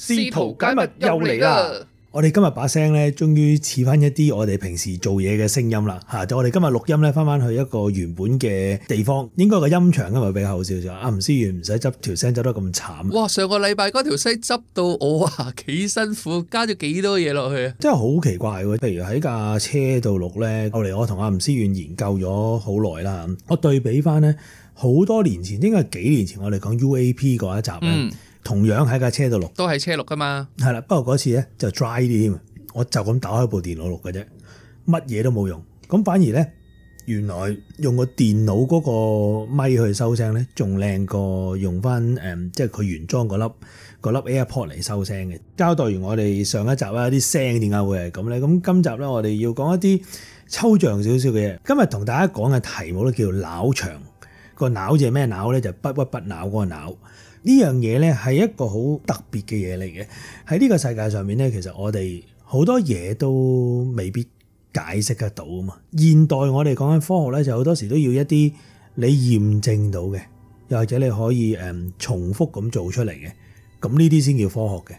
試圖解密又嚟啦！我哋今日把聲咧，終於似翻一啲我哋平時做嘢嘅聲音啦，嚇，就我哋今日錄音咧，翻翻去一個原本嘅地方，應該個音場咁咪比較好少少。阿吳思遠唔使執條聲執得咁慘。哇！上個禮拜嗰條聲執到我啊，幾辛苦，加咗幾多嘢落去啊！真係好奇怪喎！譬如喺架車度錄咧，後嚟我同阿吳思遠研究咗好耐啦，我對比翻咧，好多年前應該係幾年前我哋講 UAP 嗰一集咧。同樣喺架車度錄，都喺車錄噶嘛。係啦，不過嗰次咧就 dry 啲添，我就咁打開部電腦錄嘅啫，乜嘢都冇用。咁反而咧，原來用個電腦嗰個咪去收聲咧，仲靚過用翻誒，即係佢原裝嗰粒粒 AirPod 嚟收聲嘅。交代完我哋上一集咧，啲聲點解會係咁咧？咁今集咧，我哋要講一啲抽象少少嘅嘢。今日同大家講嘅題目咧，叫撓場。個撓字係咩撓咧？就不屈不撓嗰個呢樣嘢咧係一個好特別嘅嘢嚟嘅，喺呢個世界上面咧，其實我哋好多嘢都未必解釋得到啊嘛。現代我哋講緊科學咧，就好多時都要一啲你驗證到嘅，又或者你可以重複咁做出嚟嘅，咁呢啲先叫科學嘅。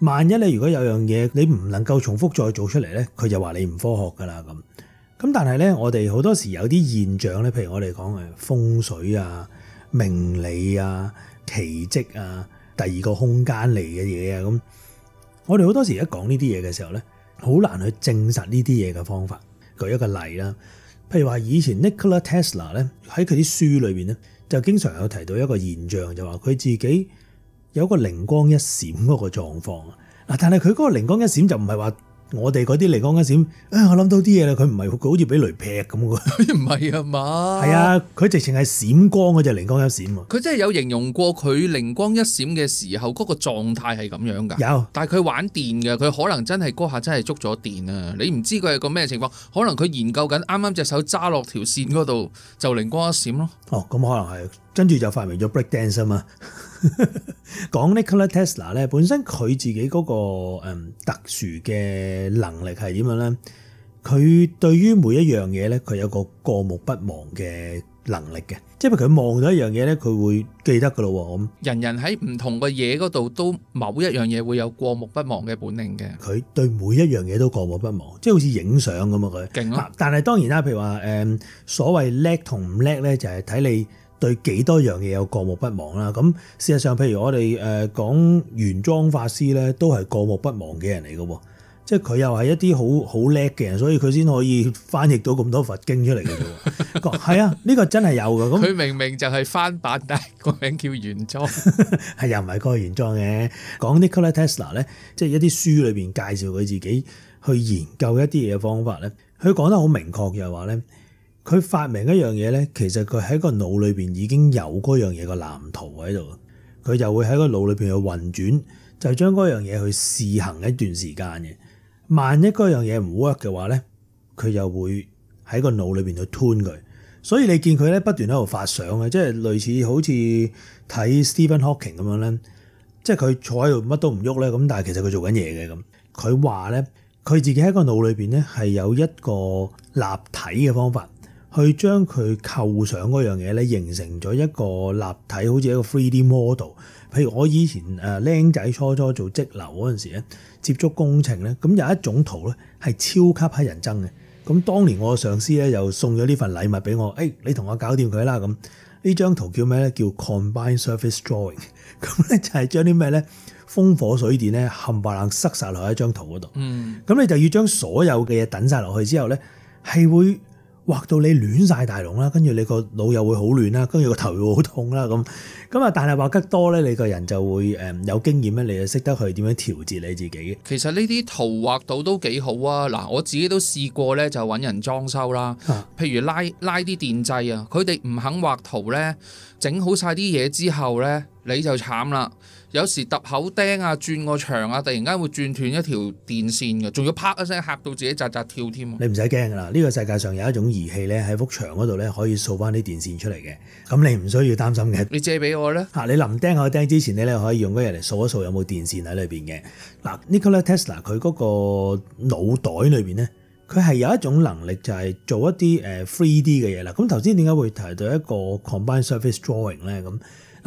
萬一你如果有樣嘢你唔能夠重複再做出嚟咧，佢就話你唔科學㗎喇咁。咁但係咧，我哋好多時有啲現象咧，譬如我哋講誒風水啊、命理啊。奇蹟啊，第二個空間嚟嘅嘢啊，咁我哋好多時一講呢啲嘢嘅時候咧，好難去證實呢啲嘢嘅方法。舉一個例啦，譬如話以前 Nikola Tesla 咧喺佢啲書裏邊咧，就經常有提到一個現象，就話佢自己有一個靈光一閃嗰個狀況啊。嗱，但係佢嗰個靈光一閃就唔係話。我哋嗰啲靈光一閃，啊！我諗到啲嘢啦，佢唔係佢好似俾雷劈咁嘅。佢唔係啊嘛。係啊，佢直情係閃光嗰隻靈光一閃啊。佢真係有形容過佢靈光一閃嘅時候嗰個狀態係咁樣㗎。有，但係佢玩電㗎，佢可能真係嗰下真係捉咗電啊！你唔知佢係個咩情況，可能佢研究緊啱啱隻手揸落條線嗰度就靈光一閃咯。哦，咁可能係，跟住就發明咗 breakdance 啊嘛。 講 Nikola Tesla 咧，本身佢自己嗰個誒特殊嘅能力係點樣咧？佢對於每一樣嘢咧，佢有個過目不忘嘅能力嘅，即係佢望到一樣嘢咧，佢會記得噶咯。咁人人喺唔同嘅嘢嗰度都某一樣嘢會有過目不忘嘅本領嘅，佢對每一樣嘢都過目不忘，即係好似影相咁啊！佢勁咯，但係當然啦，譬如話誒，所謂叻同唔叻咧，就係睇你。對幾多樣嘢有過目不忘啦！咁事實上，譬如我哋誒講原裝法師咧，都係過目不忘嘅人嚟嘅喎，即係佢又係一啲好好叻嘅人，所以佢先可以翻譯到咁多佛經出嚟嘅。係 啊，呢、呢個真係有㗎。咁佢明明就係翻版，但係個名叫原裝，係 又唔係個原裝嘅。講 Nikola Tesla 咧，即係一啲書裏面介紹佢自己去研究一啲嘢方法咧，佢講得好明確嘅話咧。佢發明一樣嘢咧，其實佢喺個腦裏面已經有嗰樣嘢個藍圖喺度，佢又會喺個腦裏面去運轉，就將嗰樣嘢去試行一段時間嘅。萬一嗰樣嘢唔 work 嘅話咧，佢又會喺個腦裏面去 turn 佢。所以你見佢咧，不斷喺度發想嘅，即係類似好似睇 Stephen Hawking 咁樣咧，即係佢坐喺度乜都唔喐咧，咁但係其實佢做緊嘢嘅咁。佢話咧，佢自己喺個腦裏邊咧係有一個立體嘅方法。去將佢扣上嗰樣嘢咧，形成咗一個立體，好似一個 3D model。譬如我以前誒僆仔初初做職流嗰陣時咧，接觸工程咧，咁有一種圖咧係超級乞人憎嘅。咁當年我上司咧又送咗呢份禮物俾我，誒、哎、你同我搞掂佢啦咁。呢張圖叫咩咧？叫 Combined Service Drawing。 咁咧就係將啲咩咧風火水電咧冚白楞塞晒落一張圖嗰度。嗯。咁你就要將所有嘅嘢等晒落去之後咧，係會。畫到你亂晒大龍啦，跟住你個腦又會好亂啦，跟住個頭又好痛啦咁，咁啊但係畫得多呢，你個人就會誒有經驗咧，你就識得去點樣調節你自己。其實呢啲圖畫到都幾好啊！嗱，我自己都試過呢，就揾人裝修啦，啊、譬如拉拉啲電掣啊，佢哋唔肯畫圖呢，整好晒啲嘢之後呢，你就慘啦。有時揼口釘啊，轉個牆啊，突然間會轉斷一條電線嘅，仲要啪一聲嚇到自己扎扎跳添。你唔使驚㗎啦，呢個世界上有一種儀器咧，喺幅牆嗰度咧可以掃翻啲電線出嚟嘅，咁你唔需要擔心嘅、啊。你借俾我咧，你臨釘下釘之前咧，你可以用嗰樣嚟掃一掃有冇電線喺裏面嘅。嗱、啊，Nikola Tesla 佢嗰個腦袋裏面咧，佢係有一種能力就係做一啲誒 three D 嘅嘢啦。咁頭先點解會提到一個 combined service drawing 咧？咁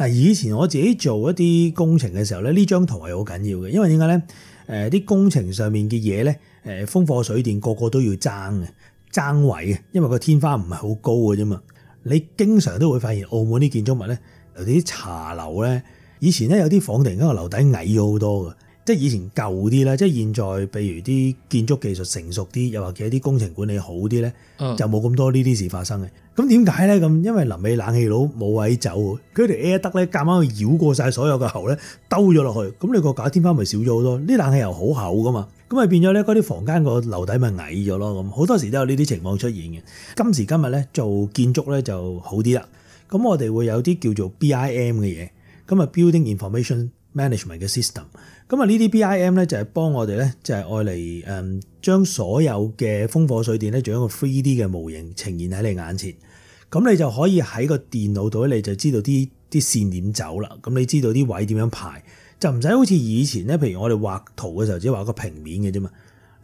以前我自己做一啲工程嘅時候咧，呢張圖係好緊要嘅，因為點解咧？誒、呃，啲工程上面嘅嘢咧，誒、呃，風火水電個個都要爭嘅，爭位，因為個天花唔係好高嘅啫嘛。你經常都會發現澳門啲建築物咧，有啲茶樓咧，以前咧有啲房突然間個樓底矮咗好多嘅。即係以前舊啲咧，即係現在，譬如啲建築技術成熟啲，又或者啲工程管理好啲咧，嗯、就冇咁多呢啲事發生嘅。咁點解咧？咁因為臨尾冷氣佬冇位走，佢條 Air Duct 咧，夾硬去繞過晒所有嘅喉咧，兜咗落去。咁、那、你個假天花咪少咗好多。呢冷氣又好厚噶嘛，咁咪變咗咧嗰啲房間個樓底咪矮咗咯。咁好多時都有呢啲情況出現嘅。今時今日咧做建築咧就好啲啦。咁我哋會有啲叫做 BIM 嘅嘢，咁啊 Building Information Management 嘅 system。咁啊，呢啲 BIM 咧就係幫我哋咧，就係愛嚟誒將所有嘅風火水電咧做一個 three D 嘅模型呈現喺你眼前，咁你就可以喺個電腦度咧你就知道啲啲線點走啦，咁你知道啲位點樣排，就唔使好似以前咧，譬如我哋畫圖嘅時候只係畫個平面嘅啫嘛。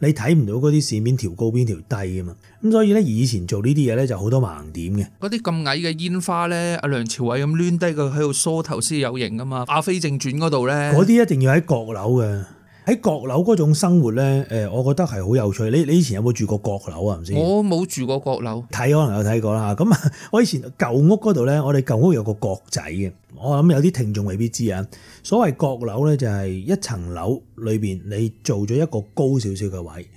你睇唔到嗰啲線邊條高邊條低啊嘛，咁所以咧以前做呢啲嘢咧就好多盲點嘅。嗰啲咁矮嘅煙花咧，阿梁朝偉咁攣低佢喺度梳頭先有型噶嘛，《阿飛正傳》嗰度咧，嗰啲一定要喺閣樓嘅。喺閣樓嗰種生活咧，誒，我覺得係好有趣。你你以前有冇住過閣樓啊？唔先，我冇住過閣樓。睇可能有睇過啦。咁我以前舊屋嗰度咧，我哋舊屋有個閣仔嘅。我諗有啲聽眾未必知啊。所謂閣樓咧，就係一層樓裏邊你做咗一個高少少嘅位，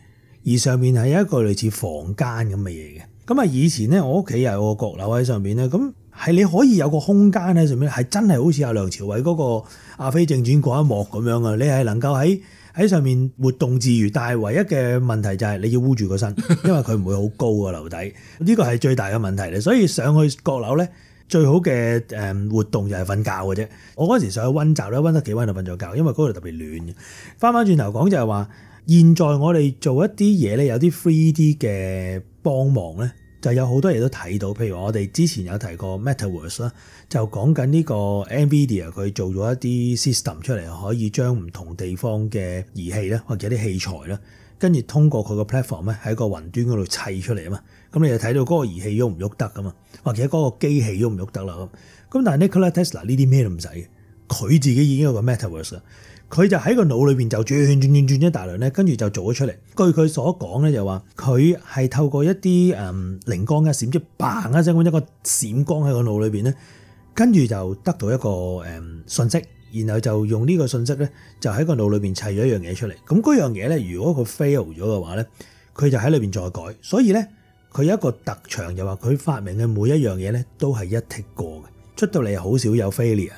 而上面係一個類似房間咁嘅嘢嘅。咁啊，以前咧我屋企又有個閣樓喺上面咧，咁係你可以有個空間喺上面，係真係好似阿梁朝偉嗰個《阿飛正傳》過一幕咁樣啊！你係能夠喺喺上面活動自如，但係唯一嘅問題就係你要污住個身，因為佢唔會好高個樓底，呢個係最大嘅問題咧。所以上去閣樓咧，最好嘅誒活動就係瞓覺嘅啫。我嗰陣時上去温習咧，温得幾温就瞓咗覺，因為嗰度特別暖。翻返轉頭講就係話，現在我哋做一啲嘢咧，有啲 3D 嘅幫忙咧。就有好多嘢都睇到，譬如我哋之前有提過 MetaVerse 啦，就講緊呢個 NVIDIA 佢做咗一啲 system 出嚟，可以將唔同地方嘅儀器咧，或者啲器材啦，跟住通過佢個 platform 咧喺個雲端嗰度砌出嚟啊嘛，咁你就睇到嗰個儀器喐唔喐得噶嘛，或者嗰個機器喐唔喐得啦咁，咁但係 Nikola Tesla 呢啲咩都唔使，佢自己已經有個 MetaVerse 啦。佢就喺個腦裏邊，就轉轉轉轉咗大量，咧，跟住就做咗出嚟。據佢所講咧，就話佢係透過一啲誒靈光一閃即嘣一聲一個閃光喺個腦裏邊，咧，跟住就得到一個誒、呃、信息，然後就用呢個信息咧就喺個腦裏邊砌咗一樣嘢出嚟。咁嗰樣嘢咧，如果佢 fail 咗嘅話咧，佢就喺裏邊再改。所以咧，佢有一個特長就話佢發明嘅每一樣嘢咧都係一剔過嘅，出到嚟好少有 failure。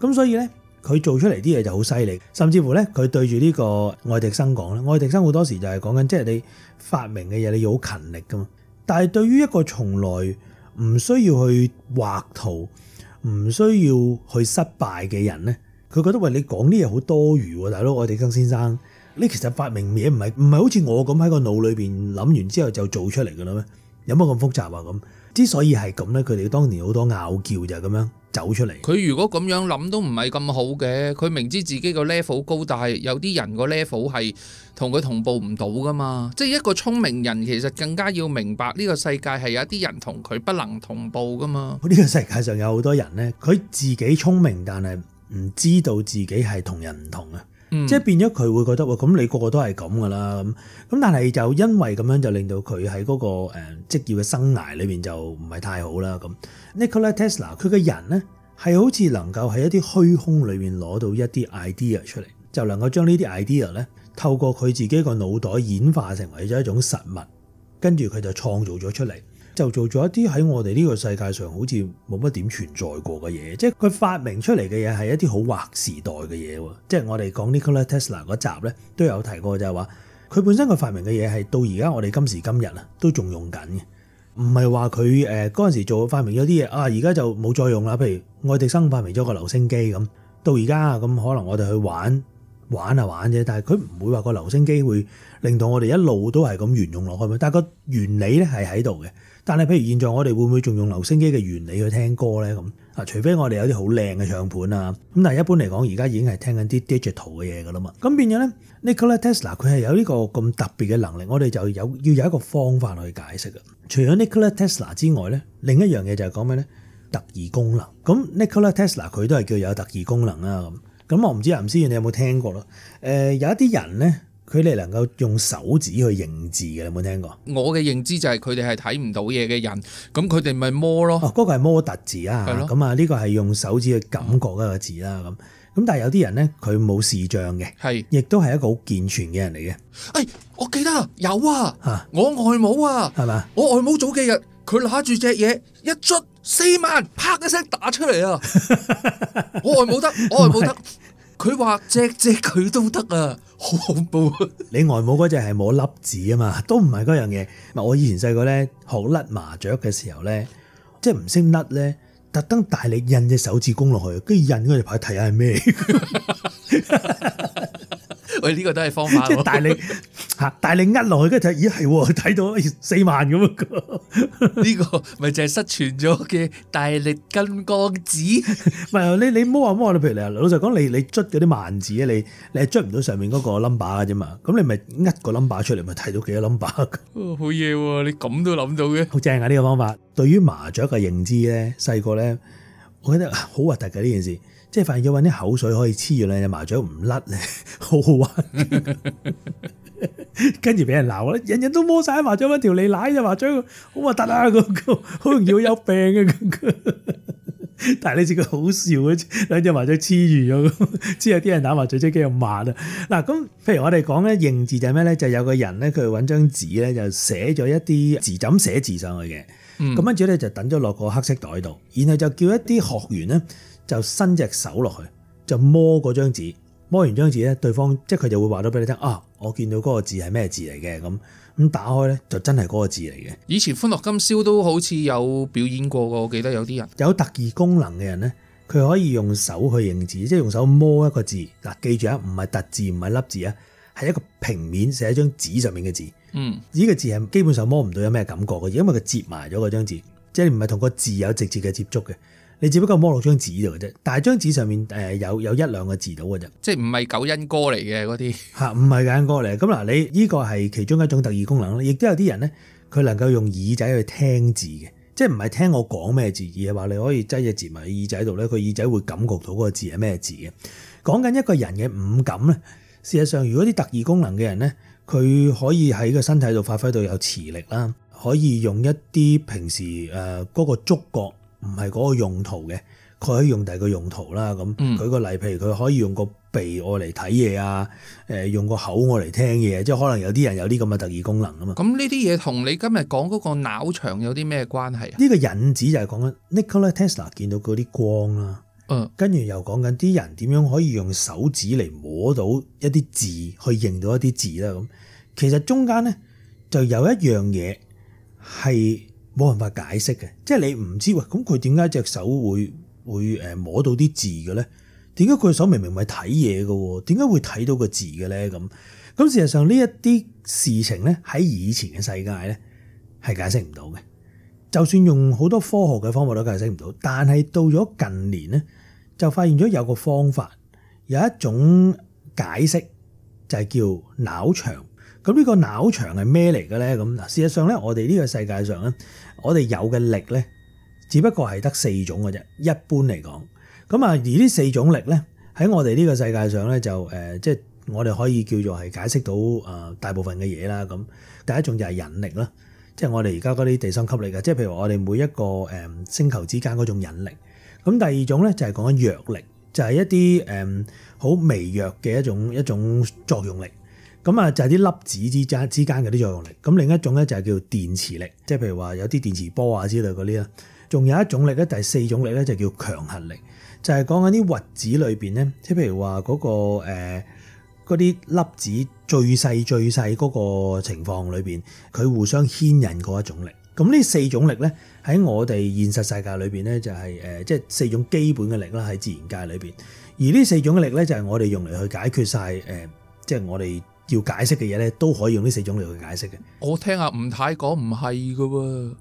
咁所以咧。佢做出嚟啲嘢就好犀利，甚至乎咧，佢對住呢個愛迪生講咧，愛迪生好多時就係講緊，即係你發明嘅嘢你要好勤力㗎嘛。但係對於一個從來唔需要去畫圖、唔需要去失敗嘅人咧，佢覺得喂，你講啲嘢好多餘喎，大佬愛迪生先生，你其實發明嘢唔係唔係好似我咁喺個腦裏邊諗完之後就做出嚟㗎喇咩？有乜咁複雜啊咁？之所以係咁咧，佢哋當年好多拗撬就咁樣走出嚟。佢如果咁樣諗都唔係咁好嘅，佢明知自己個 level 高，但係有啲人個 level 係同佢同步唔到噶嘛。即係一個聰明人，其實更加要明白呢個世界係有一啲人同佢不能同步噶嘛。呢個世界上有好多人呢，佢自己聰明，但係唔知道自己係同人唔同啊。即係變咗佢會覺得喂，咁你個個都係咁噶啦，咁咁，但係就因為咁樣就令到佢喺嗰個誒職業嘅生涯裏面就唔係太好啦，咁。Nikola Tesla 佢嘅人咧，係好似能夠喺一啲虛空裏面攞到一啲 idea 出嚟，就能夠將呢啲 idea 咧，透過佢自己個腦袋演化成為咗一種實物，跟住佢就創造咗出嚟。就做咗一啲喺我哋呢個世界上好似冇乜點存在過嘅嘢，即係佢發明出嚟嘅嘢係一啲好劃時代嘅嘢喎。即係我哋講尼古拉特斯拉嗰集咧都有提過，就係話佢本身佢發明嘅嘢係到而家我哋今時今日啊都仲用緊嘅，唔係話佢誒嗰陣時做發明咗啲嘢啊，而家就冇再用啦。譬如愛迪生發明咗個留聲機咁，到而家咁可能我哋去玩玩下玩啫，但係佢唔會話個留聲機會令到我哋一路都係咁沿用落去，但係個原理咧係喺度嘅。但係，譬如現在我哋會唔會仲用留聲機嘅原理去聽歌咧？咁啊，除非我哋有啲好靚嘅唱片啊，咁但係一般嚟講，而家已經係聽緊啲 digital 嘅嘢噶啦嘛。咁變咗咧 Nikola Tesla 佢係有呢個咁特別嘅能力，我哋就有要有一個方法去解釋啊。除咗 Nikola Tesla 之外咧，另一樣嘢就係講咩咧？特異功能。咁 Nikola Tesla 佢都係叫有特異功能啊。咁咁我唔知啊，吳思遠你有冇聽過咯？誒、呃，有一啲人咧。佢哋能夠用手指去認字嘅，你有冇聽過？我嘅認知就係佢哋係睇唔到嘢嘅人，咁佢哋咪摸咯。哦，嗰、嗰個係摸特字啊，咁啊呢個係用手指去感覺個是一個字啦，咁咁但係有啲人咧，佢冇視像嘅，係亦都係一個好健全嘅人嚟嘅。哎，我記得啦，有啊，啊我外母啊，係嘛吧？我外母早幾日佢拿住隻嘢一卒四萬，啪一聲打出嚟啊！ 我外母得，我外母得。佢話隻隻佢都得啊，好恐怖啊，你外母嗰隻係冇粒子啊嘛，都唔係嗰樣嘢。我以前細個咧學甩麻雀嘅時候咧，即係唔識甩咧，特登大力印隻手指公落去，跟住印嗰隻牌睇下係咩。喂，呢、這個都係方法，即大力吓， 大力壓落去，跟住睇就咦係，睇到四萬咁。呢 個咪就係失傳咗嘅大力金剛指。唔係，你你摸下摸下，你譬如你老實講，你你捽嗰啲萬字 啊，你你係捽唔到上面嗰個 number 嘅啫嘛。咁你咪壓個 number 出嚟，咪睇到幾多 number。好嘢，你咁都諗到嘅，好正啊！呢、這個方法對於麻雀嘅認知咧，細個咧，我覺得好核突噶呢件事。即係發現要揾啲口水可以黐住兩隻麻雀唔甩咧，好好玩。 跟住俾人鬧啦，人人都摸晒麻雀，揾條脷奶隻麻雀，好核突啊！嗰、嗰個、好容易會有病嘅。 但係你試個好笑嘅，兩隻麻雀黐住咗，之後啲人打麻雀追機又罵啊！嗱，咁譬如我哋講咧認字就係咩咧？就有個人咧，佢搵張紙咧就寫咗一啲字枕寫，寫字上去嘅，咁跟住後咧就等咗落個黑色袋度，然後就叫一啲學員咧。就伸隻手落去，就摸嗰張紙，摸完張紙咧，對方即係佢就會話到俾你聽啊！我見到嗰個字係咩字嚟嘅，咁咁打開咧，就真係嗰個字嚟嘅。以前《歡樂今宵》都好似有表演過，我記得有啲人有特異功能嘅人咧，佢可以用手去認字，即係用手摸一個字。嗱，記住啊，唔係凸字，唔係凹字啊，係一個平面寫喺張紙上面嘅字。嗯，呢個字係基本上摸唔到有咩感覺嘅，因為佢摺埋咗嗰張字，即係唔係同個字有直接嘅接觸嘅。你只不過摸六張紙度啫，但係張紙上面有有一兩個字到嘅啫，即係唔係九因歌嚟嘅嗰啲吓，唔係九因歌嚟，咁嗱，你呢個係其中一種特異功能啦。亦都有啲人咧，佢能夠用耳仔去聽字嘅，即係唔係聽我講咩字，而係話你可以擠隻字埋耳仔度咧，佢耳仔會感覺到嗰個字係咩字嘅。講緊一個人嘅五感咧，事實上如果啲特異功能嘅人咧，佢可以喺個身體度發揮到有磁力啦，可以用一啲平時嗰個觸覺。唔係嗰個用途嘅，佢可以用第二個用途啦。咁舉個例，譬如佢可以用個鼻我嚟睇嘢啊，嗯、用個口我嚟聽嘢，即係可能有啲人有啲咁嘅特異功能啊嘛。咁呢啲嘢同你今日講嗰個撓場有啲咩關係？呢個引子就係講緊 Nikola Tesla 見到嗰啲光啦，嗯、跟住又講緊啲人點樣可以用手指嚟摸到一啲字，去認到一啲字啦。咁其實中間咧就有一樣嘢係。冇辦法解釋嘅，即係你唔知喂，咁佢點解隻手會會誒摸到啲字嘅咧？點解佢嘅手明明唔係睇嘢嘅？點解會睇到個字嘅咧？咁咁事實上呢一啲事情咧，喺以前嘅世界咧係解釋唔到嘅，就算用好多科學嘅方法都解釋唔到。但係到咗近年咧，就發現咗有個方法，有一種解釋就係、是、叫撓場。咁呢個撓場係咩嚟嘅咧？咁嗱，事實上咧，我哋呢個世界上咧。我哋有嘅力咧，只不過係得四種嘅啫。一般嚟講，咁啊，而呢四種力咧，喺我哋呢個世界上咧就誒，即係我哋可以叫做係解釋到誒大部分嘅嘢啦。咁第一種就係引力啦，即係我哋而家嗰啲地心吸力嘅，即係譬如我哋每一個誒星球之間嗰種引力。咁第二種咧就係講緊弱力，就係一啲誒好微弱嘅一種一種作用力。咁啊，就係啲粒子之間之間嗰啲作用力。咁另一種咧就係叫電磁力，即係譬如話有啲電磁波啊之類嗰啲啦。仲有一種力咧，第四種力咧就叫強核力，就係講緊啲核子裏面咧，即係譬如話嗰、嗰個嗰啲、呃、粒子最細最細嗰個情況裏面，佢互相牽引嗰一種力。咁呢四種力咧喺我哋現實世界裏面咧就係即係四種基本嘅力啦，喺自然界裏面，而呢四種嘅力咧就係我哋用嚟去解決晒，即、呃、係、就是、我哋。要解釋嘅嘢咧，都可以用呢四種嚟去解釋嘅。我聽阿吳太講唔係噶喎，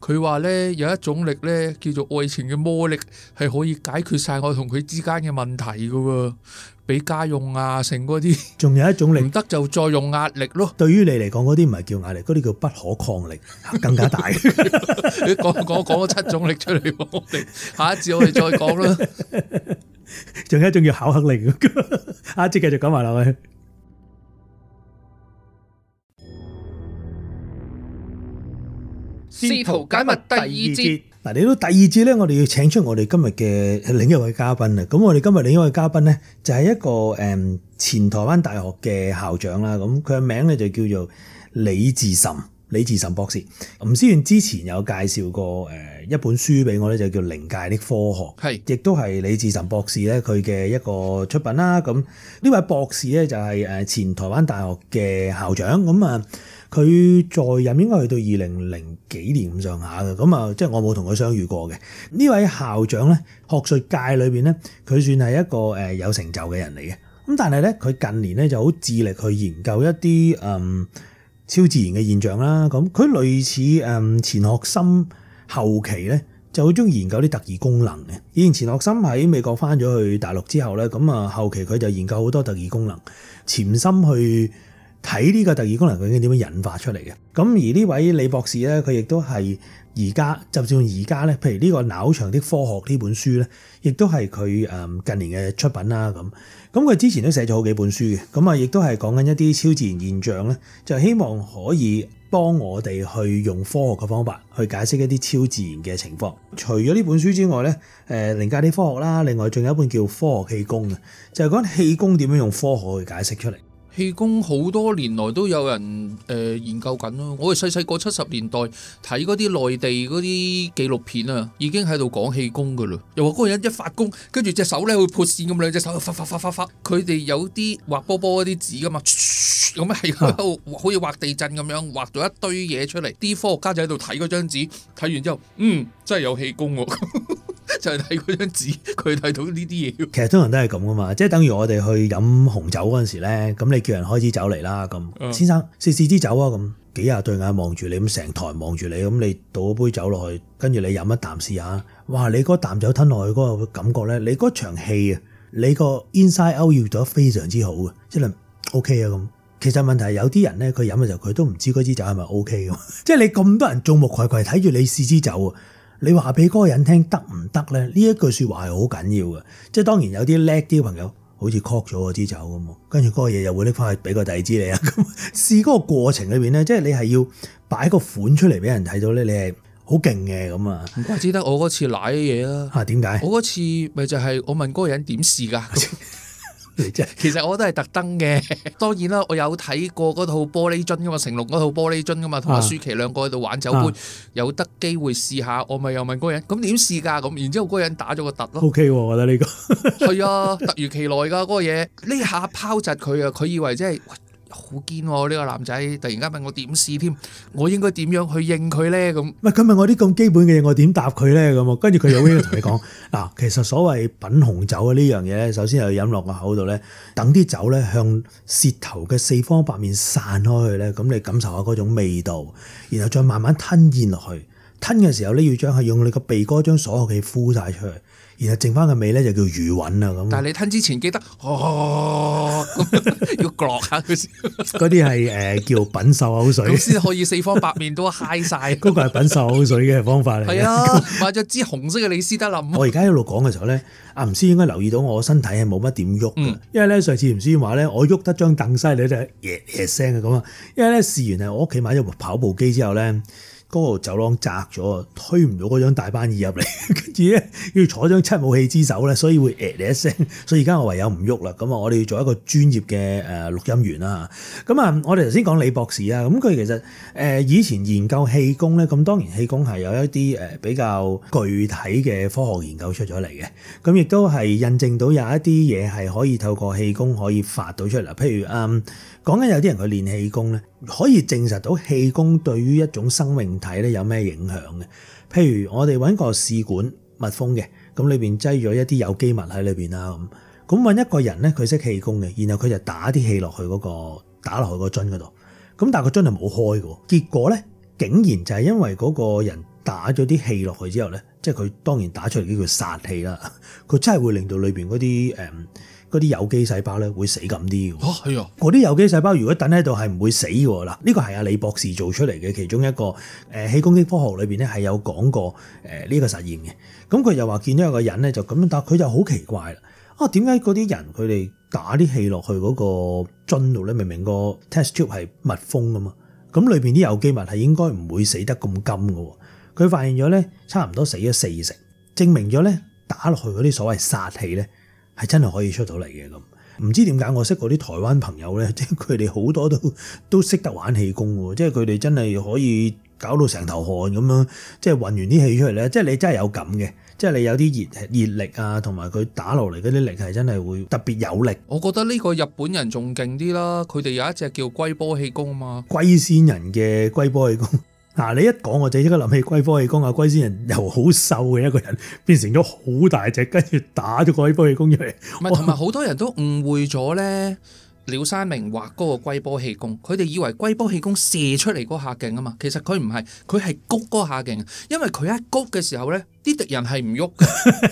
佢話咧有一種力咧叫做愛情嘅魔力，係可以解決晒我同佢之間嘅問題噶喎。俾家用啊，成嗰啲。仲有一種力，唔得就再用壓力咯。對於你嚟講嗰啲唔係叫壓力，嗰啲叫不可抗力，更加大。你講講講咗七種力出嚟，我哋下一次我哋再講啦。仲有一種叫巧克力，下一節繼續講埋落去。試圖解密第二節嗱，嚟到第二節咧，我哋要請出我哋今日嘅另一位嘉賓啊！咁我哋今日另一位嘉賓咧，就係一個誒前台灣大學嘅校長啦。咁佢嘅名咧就叫做李嗣涔，李嗣涔博士。吳思遠之前有介紹過誒一本書俾我咧，就叫《靈界的科學》，亦都係李嗣涔博士咧佢嘅一個出品啦。咁呢位博士咧就係前台灣大學嘅校長咁啊。佢在任應該去到二零零幾年咁上下嘅，咁啊即係我冇同佢相遇過嘅呢位校長咧，學術界裏面咧，佢算係一個誒有成就嘅人嚟嘅。咁但係咧，佢近年咧就好致力去研究一啲誒、嗯、超自然嘅現象啦。咁佢類似誒錢學森後期咧，就好中意研究啲特異功能嘅。以前錢學森喺美國翻咗去大陸之後咧，咁啊後期佢就研究好多特異功能，潛心去。睇呢個特異功能究竟點樣引發出嚟嘅？咁而呢位李博士咧，佢亦都係而家，就算而家咧，譬如呢、這個《撓場的科學》呢本書咧，亦都係佢近年嘅出品啦。咁咁佢之前都寫咗好幾本書嘅，咁啊，亦都係講緊一啲超自然現象咧，就是、希望可以幫我哋去用科學嘅方法去解釋一啲超自然嘅情況。除咗呢本書之外咧，誒《靈界啲科學》啦，另外仲有一本叫《科學氣功》，就係講氣功點樣用科學去解釋出嚟。氣功好多年來都有人、呃、研究緊咯。我哋細細個七十年代睇嗰啲內地嗰啲紀錄片啊，已經喺度講氣功噶嘞。又話嗰個人一發功，跟住隻手咧會破線咁，兩隻手發發發發發，佢哋有啲畫波波嗰啲紙噶嘛。嘶嘶有咩係？好似畫地震咁樣畫咗一堆嘢出嚟。啲科學家就喺度睇嗰張紙，睇完之後，嗯，真係有氣功喎、啊。就係睇嗰張紙，佢睇到呢啲嘢。其實通常都係咁噶嘛，即係等於我哋去飲紅酒嗰陣時咧，咁你叫人開支酒嚟啦。咁、嗯、先生試試支酒啊。咁幾廿對眼望住你，咁成台望住你，咁你倒杯酒落去，跟住你飲一啖試下。哇！你嗰啖酒吞落去嗰個感覺咧，你嗰場戲啊，你個 inside out 做得非常之好嘅，即係 O K 啊咁。其實問題係有啲人咧，佢飲嘅時候佢都唔知嗰支酒係咪 O K 嘅。即係你咁多人眾目睽睽睇住你試支酒啊，你話俾嗰個人聽得唔得咧？呢一句話說話係好緊要嘅，即係當然有啲叻啲嘅朋友好似 cock 咗個支酒咁，跟住嗰個嘢又會拎翻去俾個弟子你啊。試嗰個過程裏面咧，即係你係要擺個款出嚟俾人睇到咧，你係好勁嘅咁啊。唔怪之得我嗰次賴嘢啦。嚇點解？我嗰次咪就係我問嗰個人點試㗎？ 其實我都係特登嘅，當然啦，我有睇過嗰套玻璃樽噶嘛，成龍嗰套玻璃樽噶嘛，同阿舒淇兩個喺度玩酒杯，啊、有得機會試下，我咪又問嗰個人，咁點試噶？咁、啊、然之後嗰個人打咗個突咯，O K 喎，okay, 我覺得呢個，係 啊，突如其來噶嗰、嗰個嘢，呢下拋窒佢啊，佢以為即、就、係、係。好堅喎！呢個男仔突然間問我點試添，我應該點樣去應佢咧？咁喂，佢問我啲咁基本嘅嘢，我點答佢咧？咁，跟住佢又會同你講嗱，其實所謂品紅酒啊呢樣嘢咧，首先係飲落個口度咧，等啲酒咧向舌頭嘅四方八面散開去咧，咁你感受下嗰種味道，然後再慢慢吞咽落去，吞嘅時候咧要將佢用你個鼻哥將所有嘅呼晒出去。然後剩翻個味咧就叫餘韻啊咁。但係你吞之前記得，咁、 哦、 要落下嗰啲係誒叫品秀口水。老師可以四方八面都 high 晒。g h 嗰個係品秀口水嘅方法嚟。係啊， 買咗支紅色嘅李斯德林。 我而家一路講嘅時候咧，阿吳師應該留意到我身體係冇乜點喐，因為咧上次吳師話咧，我喐得張凳犀你得嘢嘢聲咁啊，因為咧試完係我屋企買咗部跑步機之後咧。嗰度走廊窄咗，推唔到嗰張大班椅入嚟，跟住咧要坐張七武器之手咧，所以會呃你一聲，所以而家我唯有唔喐啦。咁啊，我哋要做一個專業嘅誒錄音員啦。咁啊，我哋頭先講李博士啊，咁佢其實誒以前研究氣功咧，咁當然氣功係有一啲誒比較具體嘅科學研究出咗嚟嘅，咁亦都係印證到有一啲嘢係可以透過氣功可以發到出嚟。譬如啊，講緊有啲人佢練氣功咧，可以證實到氣功對於一種生命，睇咧有咩影響嘅，譬如我哋搵個試管密封嘅，咁裏邊擠咗一啲有機物喺裏邊啦，咁咁搵一個人咧，佢識氣功嘅，然後佢就打啲氣落去嗰、嗰個打落去個樽嗰度，咁但係個樽係冇開喎。結果咧竟然就係因為嗰個人打咗啲氣落去之後咧，即係佢當然打出嚟呢叫殺氣啦，佢真係會令到裏邊嗰啲誒。嗯嗰啲有機細胞咧會死咁啲嘅啊！嗰啲有機細胞如果等喺度係唔會死㗎嗱，呢個係阿李博士做出嚟嘅其中一個誒氣攻擊科學裏邊咧係有講過誒呢個實驗嘅。咁佢又話見到有個人咧就咁樣打，佢就好奇怪啦啊！點解嗰啲人佢哋打啲氣落去嗰個樽度咧？明明個 test tube 係密封噶嘛，咁裏邊啲有機物係應該唔會死得咁甘㗎喎。佢發現咗咧，差唔多死咗四成，證明咗咧打落去嗰啲所謂殺氣咧。係真係可以出到嚟嘅。咁，唔知點解我識嗰啲台灣朋友咧，即係佢哋好多都都識得玩氣功喎，即係佢哋真係可以搞到成頭汗咁樣，即係混完啲氣出嚟咧，即係你真係有感嘅，即係你有啲熱，熱力啊，同埋佢打落嚟嗰啲力係真係會特別有力。我覺得呢個日本人仲勁啲啦，佢哋有一隻叫龜波氣功啊嘛，龜仙人嘅龜波氣功。嗱，你一講我就即刻諗起龜波氣功啊！龜仙人由好瘦嘅一個人變成咗好大隻，跟住打咗個龜波氣功出嚟。唔係，同埋好多人都誤會咗咧。廖山明畫嗰個龜波氣功，佢哋以為龜波氣功射出嚟嗰下勁啊嘛，其實佢唔係，佢係谷嗰下勁。因為佢一谷嘅時候咧，啲敵人係唔喐，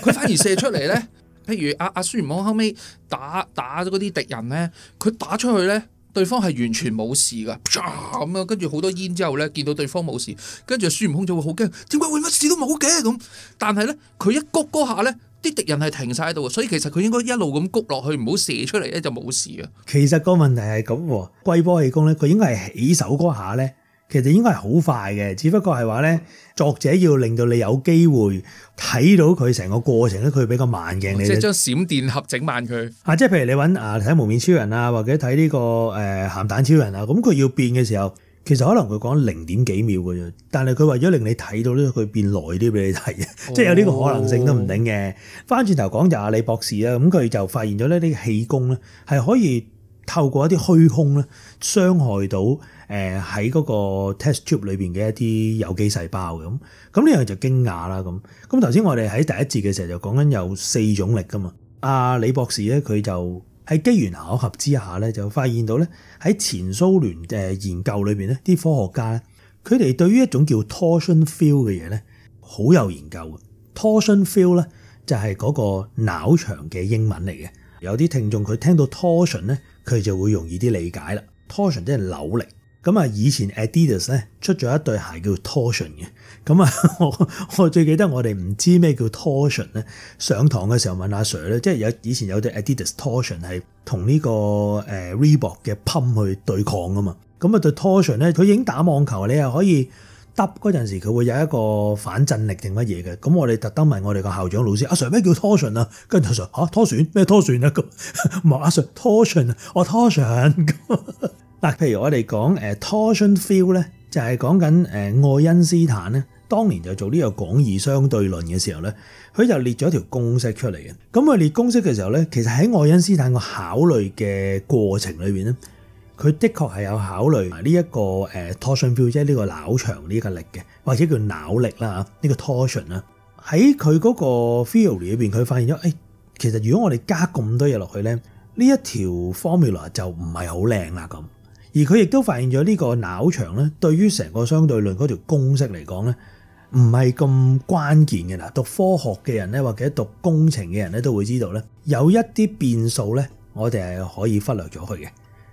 佢 反而射出嚟咧。譬如阿阿孫悟空後尾打打咗嗰啲敵人咧，佢打出去咧。對方係完全冇事噶，咁樣，跟住好多煙之後呢，見到對方冇事，跟住孫悟空就會好驚，點解會乜事都冇嘅咁？但係呢，佢一谷嗰下呢，啲敵人係停晒喺度，所以其實佢應該一路咁谷落去，唔好射出嚟呢，就冇事啊。其實個問題係咁，哦，龜波氣功呢，佢應該係起手嗰下呢。其實應該係好快嘅，只不過係話咧，作者要令到你有機會睇到佢成個過程咧，佢比較慢嘅。即係將閃電俠整慢佢。啊，即係譬如你揾啊睇無面超人啊，或者睇呢、這個誒、呃、鹹蛋超人啊，咁佢要變嘅時候，其實可能佢講零點幾秒嘅啫。但係佢為咗令你睇到呢，佢變耐啲俾你睇，哦、即係有呢個可能性都唔定嘅。翻轉頭講就阿李博士啦，咁佢就發現咗呢啲氣功咧，係可以透過一啲虛空咧傷害到。誒喺嗰個 test tube 裏面嘅一啲有機細胞咁，咁呢樣這就驚訝啦咁。咁頭先我哋喺第一節嘅時候就講緊有四種力噶嘛。阿李博士咧，佢就喺機緣巧合，合之下咧就發現到咧，喺前蘇聯嘅研究裏面咧，啲科學家咧，佢哋對於一種叫 torsion field 嘅嘢咧好有研究嘅。torsion field 咧就係嗰個撓場嘅英文嚟嘅。有啲聽眾佢聽到 torsion 咧，佢就會容易啲理解啦。torsion 即係扭力。咁啊，以前 Adidas 咧出咗一對鞋叫 Torsion 嘅，咁啊，我我最記得我哋唔知咩叫 Torsion 咧，上堂嘅時候問阿 Sir 咧，即係有以前有對 Adidas Torsion 係同呢個誒 Reebok 嘅 Pump 去對抗啊嘛，咁啊對 Torsion 咧，佢已經打網球你又可以揼嗰陣時佢會有一個反震力定乜嘢嘅，咁我哋特登問我哋個校長老師阿、啊、Sir 咩叫 Torsion 啊，跟住阿 Sir 嚇 Torsion 咩 Torsion 啊，咁阿 SirTorsion 啊，我、啊、Torsion。啊嗱，譬如我哋講 torsion field 咧，就係講緊誒愛因斯坦咧，當年就做呢個廣義相對論嘅時候咧，佢就列咗一條公式出嚟嘅。咁佢列公式嘅時候咧，其實喺愛因斯坦個考慮嘅過程裏面，咧，佢的確係有考慮呢一個 torsion field，即係呢個扭場呢個力嘅，或者叫扭力啦吓，呢個 torsion 啦。喺佢嗰個 theory 裏邊，佢發現咗，誒、哎、其實如果我哋加咁多嘢落去咧，呢一條 formula 就唔係好靚啦咁。而佢亦都發現咗呢個撓場咧，對於成個相對論嗰條公式嚟講咧，唔係咁關鍵嘅啦。讀科學嘅人咧，或者讀工程嘅人咧，都會知道咧，有一啲變數咧，我哋係可以忽略咗佢嘅。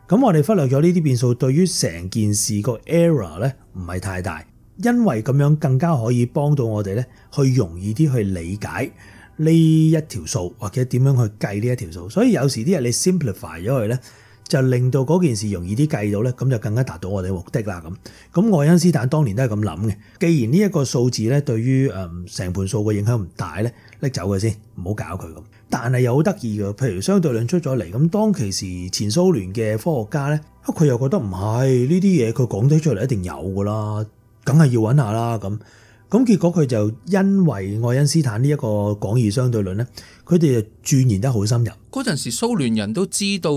咁我哋忽略咗呢啲變數，對於成件事個 error 咧，唔係太大，因為咁樣更加可以幫到我哋咧，去容易啲去理解呢一條數，或者點樣去計呢一條數。所以有時啲人你 simplify 咗佢咧。就令到嗰件事容易啲計到咧，咁就更加達到我哋目的啦。咁，咁愛因斯坦當年都係咁諗嘅。既然呢一個數字咧，對於誒成盤數嘅影響唔大咧，拎走佢先，唔好搞佢咁。但係又好得意嘅，譬如相對論出咗嚟咁，當其時前蘇聯嘅科學家咧，佢又覺得唔係呢啲嘢，佢講得出嚟一定有噶啦，梗係要揾下啦咁。咁結果佢就因為愛因斯坦呢一個廣義相對論咧，佢哋就鑽研得好深入。嗰陣時蘇聯人都知道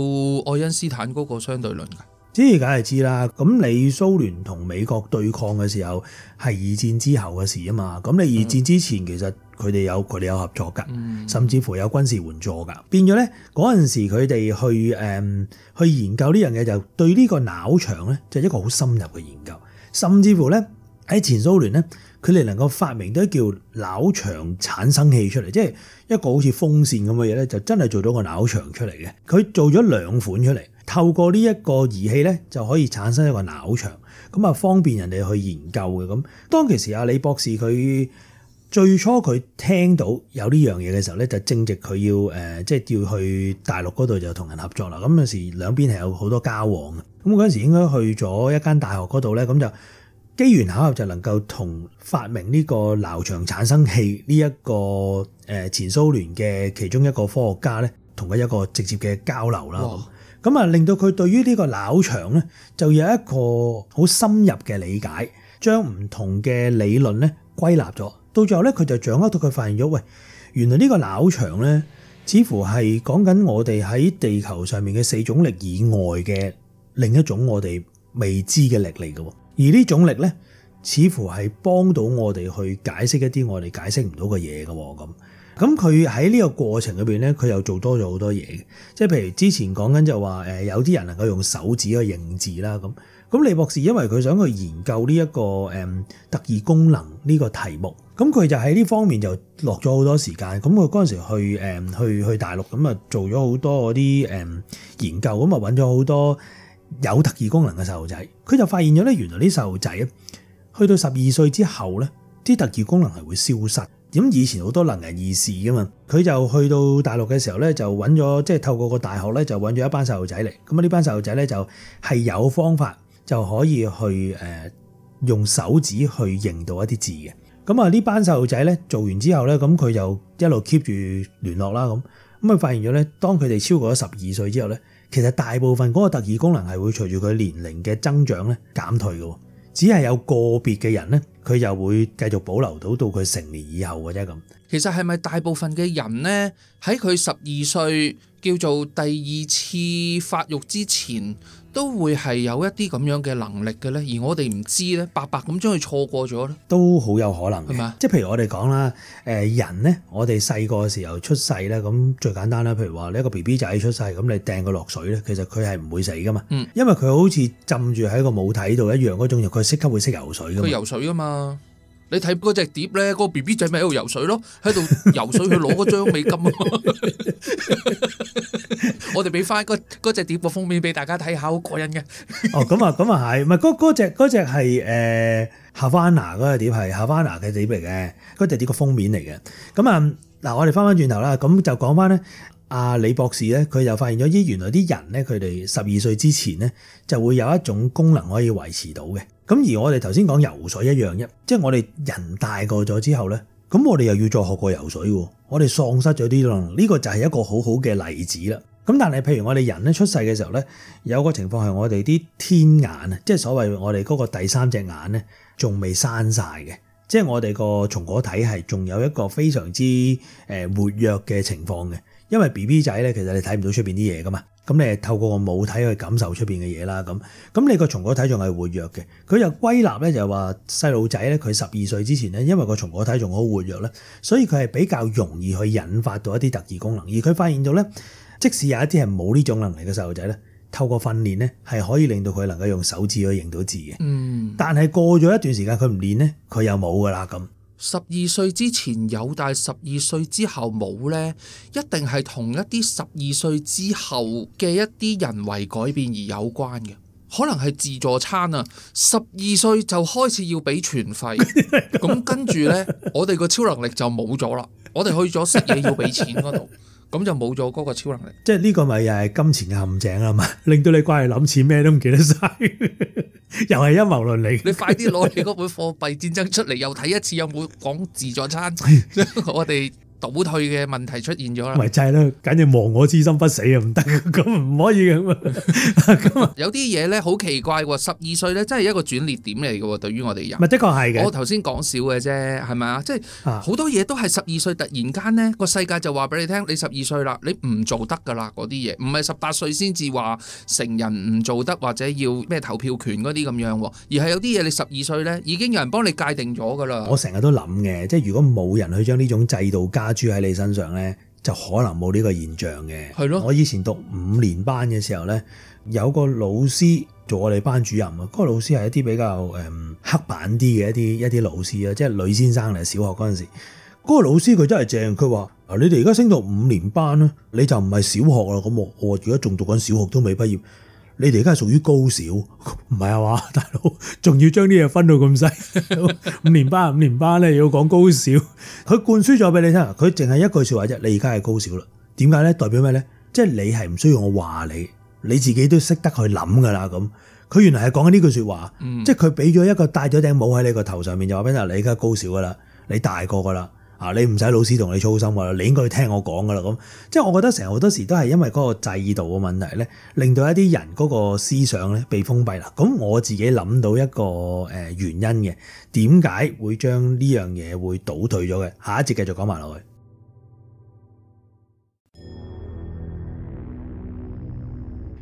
愛因斯坦嗰個相對論㗎，即係梗係知啦。咁你蘇聯同美國對抗嘅時候係二戰之後嘅事啊嘛。咁你二戰之前、嗯、其實佢哋有佢哋有合作㗎，嗯、甚至乎有軍事援助㗎。變咗咧嗰陣時佢哋去誒、嗯、去研究呢樣嘢，就對呢個撓場咧，就是、一個好深入嘅研究，甚至乎咧喺前蘇聯咧。佢哋能夠發明都叫撓場產生器出嚟，即係一個好似風扇咁嘅嘢咧，就真係做咗個撓場出嚟嘅。佢做咗兩款出嚟，透過呢一個儀器咧就可以產生一個撓場，咁啊方便人哋去研究嘅。咁當其時阿李博士佢最初佢聽到有呢樣嘢嘅時候咧，就正值佢要誒即係調去大陸嗰度就同人合作啦。咁嗰時兩邊係有好多交往嘅。咁嗰陣時應該去咗一間大學嗰度咧，咁就。機緣巧合就能夠同發明呢個撓場產生器呢一個誒前蘇聯嘅其中一個科學家咧，同佢一個直接嘅交流啦哇。咁啊，令到佢對於呢個撓場咧，就有一個好深入嘅理解，將唔同嘅理論咧歸納咗。到最後咧，佢就掌握到佢發現咗，喂，原來呢個撓場咧，似乎係講緊我哋喺地球上面嘅四種力以外嘅另一種我哋未知嘅力嚟嘅。而呢種力咧，似乎係幫到我哋去解釋一啲我哋解釋唔到嘅嘢嘅喎，咁咁佢喺呢個過程裏面咧，佢又做多咗好多嘢嘅，即係譬如之前講緊就話，有啲人能夠用手指去認字啦，咁咁李博士因為佢想去研究呢一個誒特異功能呢個題目，咁佢就喺呢方面就落咗好多時間，咁佢嗰陣時去去去大陸咁啊做咗好多嗰啲誒研究，咁啊揾咗好多。有特異功能嘅細路仔，佢就發現咗咧，原來啲細路仔啊，去到十二歲之後咧，啲特異功能係會消失。咁以前好多能人異士嘅嘛，佢就去到大陸嘅時候咧，就揾咗即係透過個大學咧，就揾咗一班細路仔嚟。咁啊，呢班細路仔咧就係有方法就可以去誒、呃、用手指去認到一啲字嘅。咁啊，呢班細路仔咧做完之後咧，咁佢就一路 keep 住聯絡啦。咁咁啊，發現咗咧，當佢哋超過咗十二歲之後咧。其實大部分嗰個特異功能係會隨住佢年齡嘅增長咧減退嘅，只係有個別嘅人咧，佢又會繼續保留到到佢成年以後嘅啫咁。其實係咪大部分嘅人咧喺佢十二歲叫做第二次發育之前？都會係有一啲咁樣嘅能力嘅咧，而我哋唔知咧，白白咁將佢錯過咗咧，都好有可能嘅。即係吧譬如我哋講啦，人咧，我哋細個嘅時候出世咧，咁最簡單啦，譬如話你一個 B B 仔出世，咁你掟佢落水咧，其實佢係唔會死噶嘛，嗯、因為佢好似浸住喺個母體度一樣嗰種嘢，佢即刻會識游水噶嘛。佢游水噶嘛。你睇嗰隻碟咧，嗰、嗰個 B B 仔咪喺度游水咯，喺度游水去攞嗰張美金啊！ 我哋俾翻嗰嗰隻碟個封面俾大家睇下，好過癮嘅。哦，咁啊、係，咁啊係，唔係嗰嗰隻隻係誒 Nirvana 嗰隻碟係 Nirvana 嘅碟嚟嘅，嗰隻碟個封面嚟嘅。咁啊，嗱我哋翻翻轉頭啦，咁就講翻咧，阿李博士咧，佢又發現咗啲原來啲人咧，佢哋十二歲之前咧就會有一種功能可以維持到嘅。咁而我哋頭先講游水一樣啫，即係我哋人大個咗之後咧，咁我哋又要再學過游水喎。我哋喪失咗啲啦，呢個就係一個好好嘅例子啦。咁但係譬如我哋人咧出世嘅時候咧，有個情況係我哋啲天眼啊，即係所謂我哋嗰個第三隻眼咧，仲未生晒嘅，即係我哋個松果體係仲有一個非常之誒活躍嘅情況嘅，因為 B B 仔咧其實你睇唔到出面啲嘢噶嘛。咁你係透過個母體去感受出面嘅嘢啦，咁咁你個松果體仲係活躍嘅，佢又歸納咧就係話細路仔咧佢十二歲之前咧，因為個松果體仲好活躍咧，所以佢係比較容易去引發到一啲特異功能。而佢發現到咧，即使有一啲係冇呢種能力嘅細路仔咧，透過訓練咧係可以令到佢能夠用手指去認到字嘅。嗯，但係過咗一段時間佢唔練咧，佢又冇噶啦咁。十二歲之前有，但係十二歲之後冇呢，一定係同一啲十二歲之後嘅一啲人為改變而有關嘅，可能係自助餐啊，十二歲就開始要俾全費，咁 跟住呢，我哋個超能力就冇咗啦，我哋去咗食嘢要俾錢嗰度。咁就冇咗嗰個超能力，即係呢個咪又係金錢嘅陷阱啊嘛！令到你掛住諗錢咩都唔記得晒， 又係陰謀論嚟。 你快啲攞你嗰本貨幣戰爭出嚟，又睇一次有冇講自助餐。 我哋。倒退嘅問題出現咗啦，咪就係咯，簡直亡我之心不死啊！唔得，咁唔可以嘅嘛，咁啊，有啲嘢咧好奇怪喎，十二歲咧真係一個轉捩點嚟嘅喎，對於我哋人，咪的確係嘅。我頭先講笑嘅啫，係咪啊？即係好多嘢都係十二歲突然間咧，個世界就話俾你聽，你十二歲啦，你唔做得㗎啦，嗰啲嘢，唔係十八歲先至話成人唔做得或者要咩投票權嗰啲咁樣，而係有啲嘢你十二歲咧已經有人幫你界定咗㗎啦。我成日都諗嘅，即係如果冇人去將呢種制度加住喺你身上咧，就可能冇呢個現象嘅。係咯，我以前讀五年班嘅時候咧，有個老師做我哋班主任啊。嗰個老師係一啲比較誒刻板啲嘅一啲一啲老師啊，即係女先生嚟。小學嗰陣時，嗰個老師佢真係正，佢話，你哋而家升到五年班啦，你就唔係小學啦。咁我如果仲讀緊小學都未畢業。你哋而家係屬於高小，唔係啊嘛，大佬，仲要將啲嘢分到咁細，五年班五年班咧，要講高小，佢 灌輸咗俾你聽，佢淨係一句説話啫，你而家係高小啦，點解咧？代表咩咧？即係你係唔需要我話你，你自己都識得去諗噶啦咁。佢原來係講緊呢句說話，嗯、即係佢俾咗一個戴咗頂帽喺你個頭上面，就話俾你聽，你而家高小噶啦，你大個噶啦。啊！你唔使老師同你操心噶啦，你應該要聽我講噶啦。咁即係我覺得成日好多時都係因為嗰個制度嘅問題咧，令到一啲人嗰個思想咧，被封閉啦。咁我自己諗到一個誒，原因嘅，點解會將呢樣嘢會倒退咗嘅？下一節繼續講埋落去。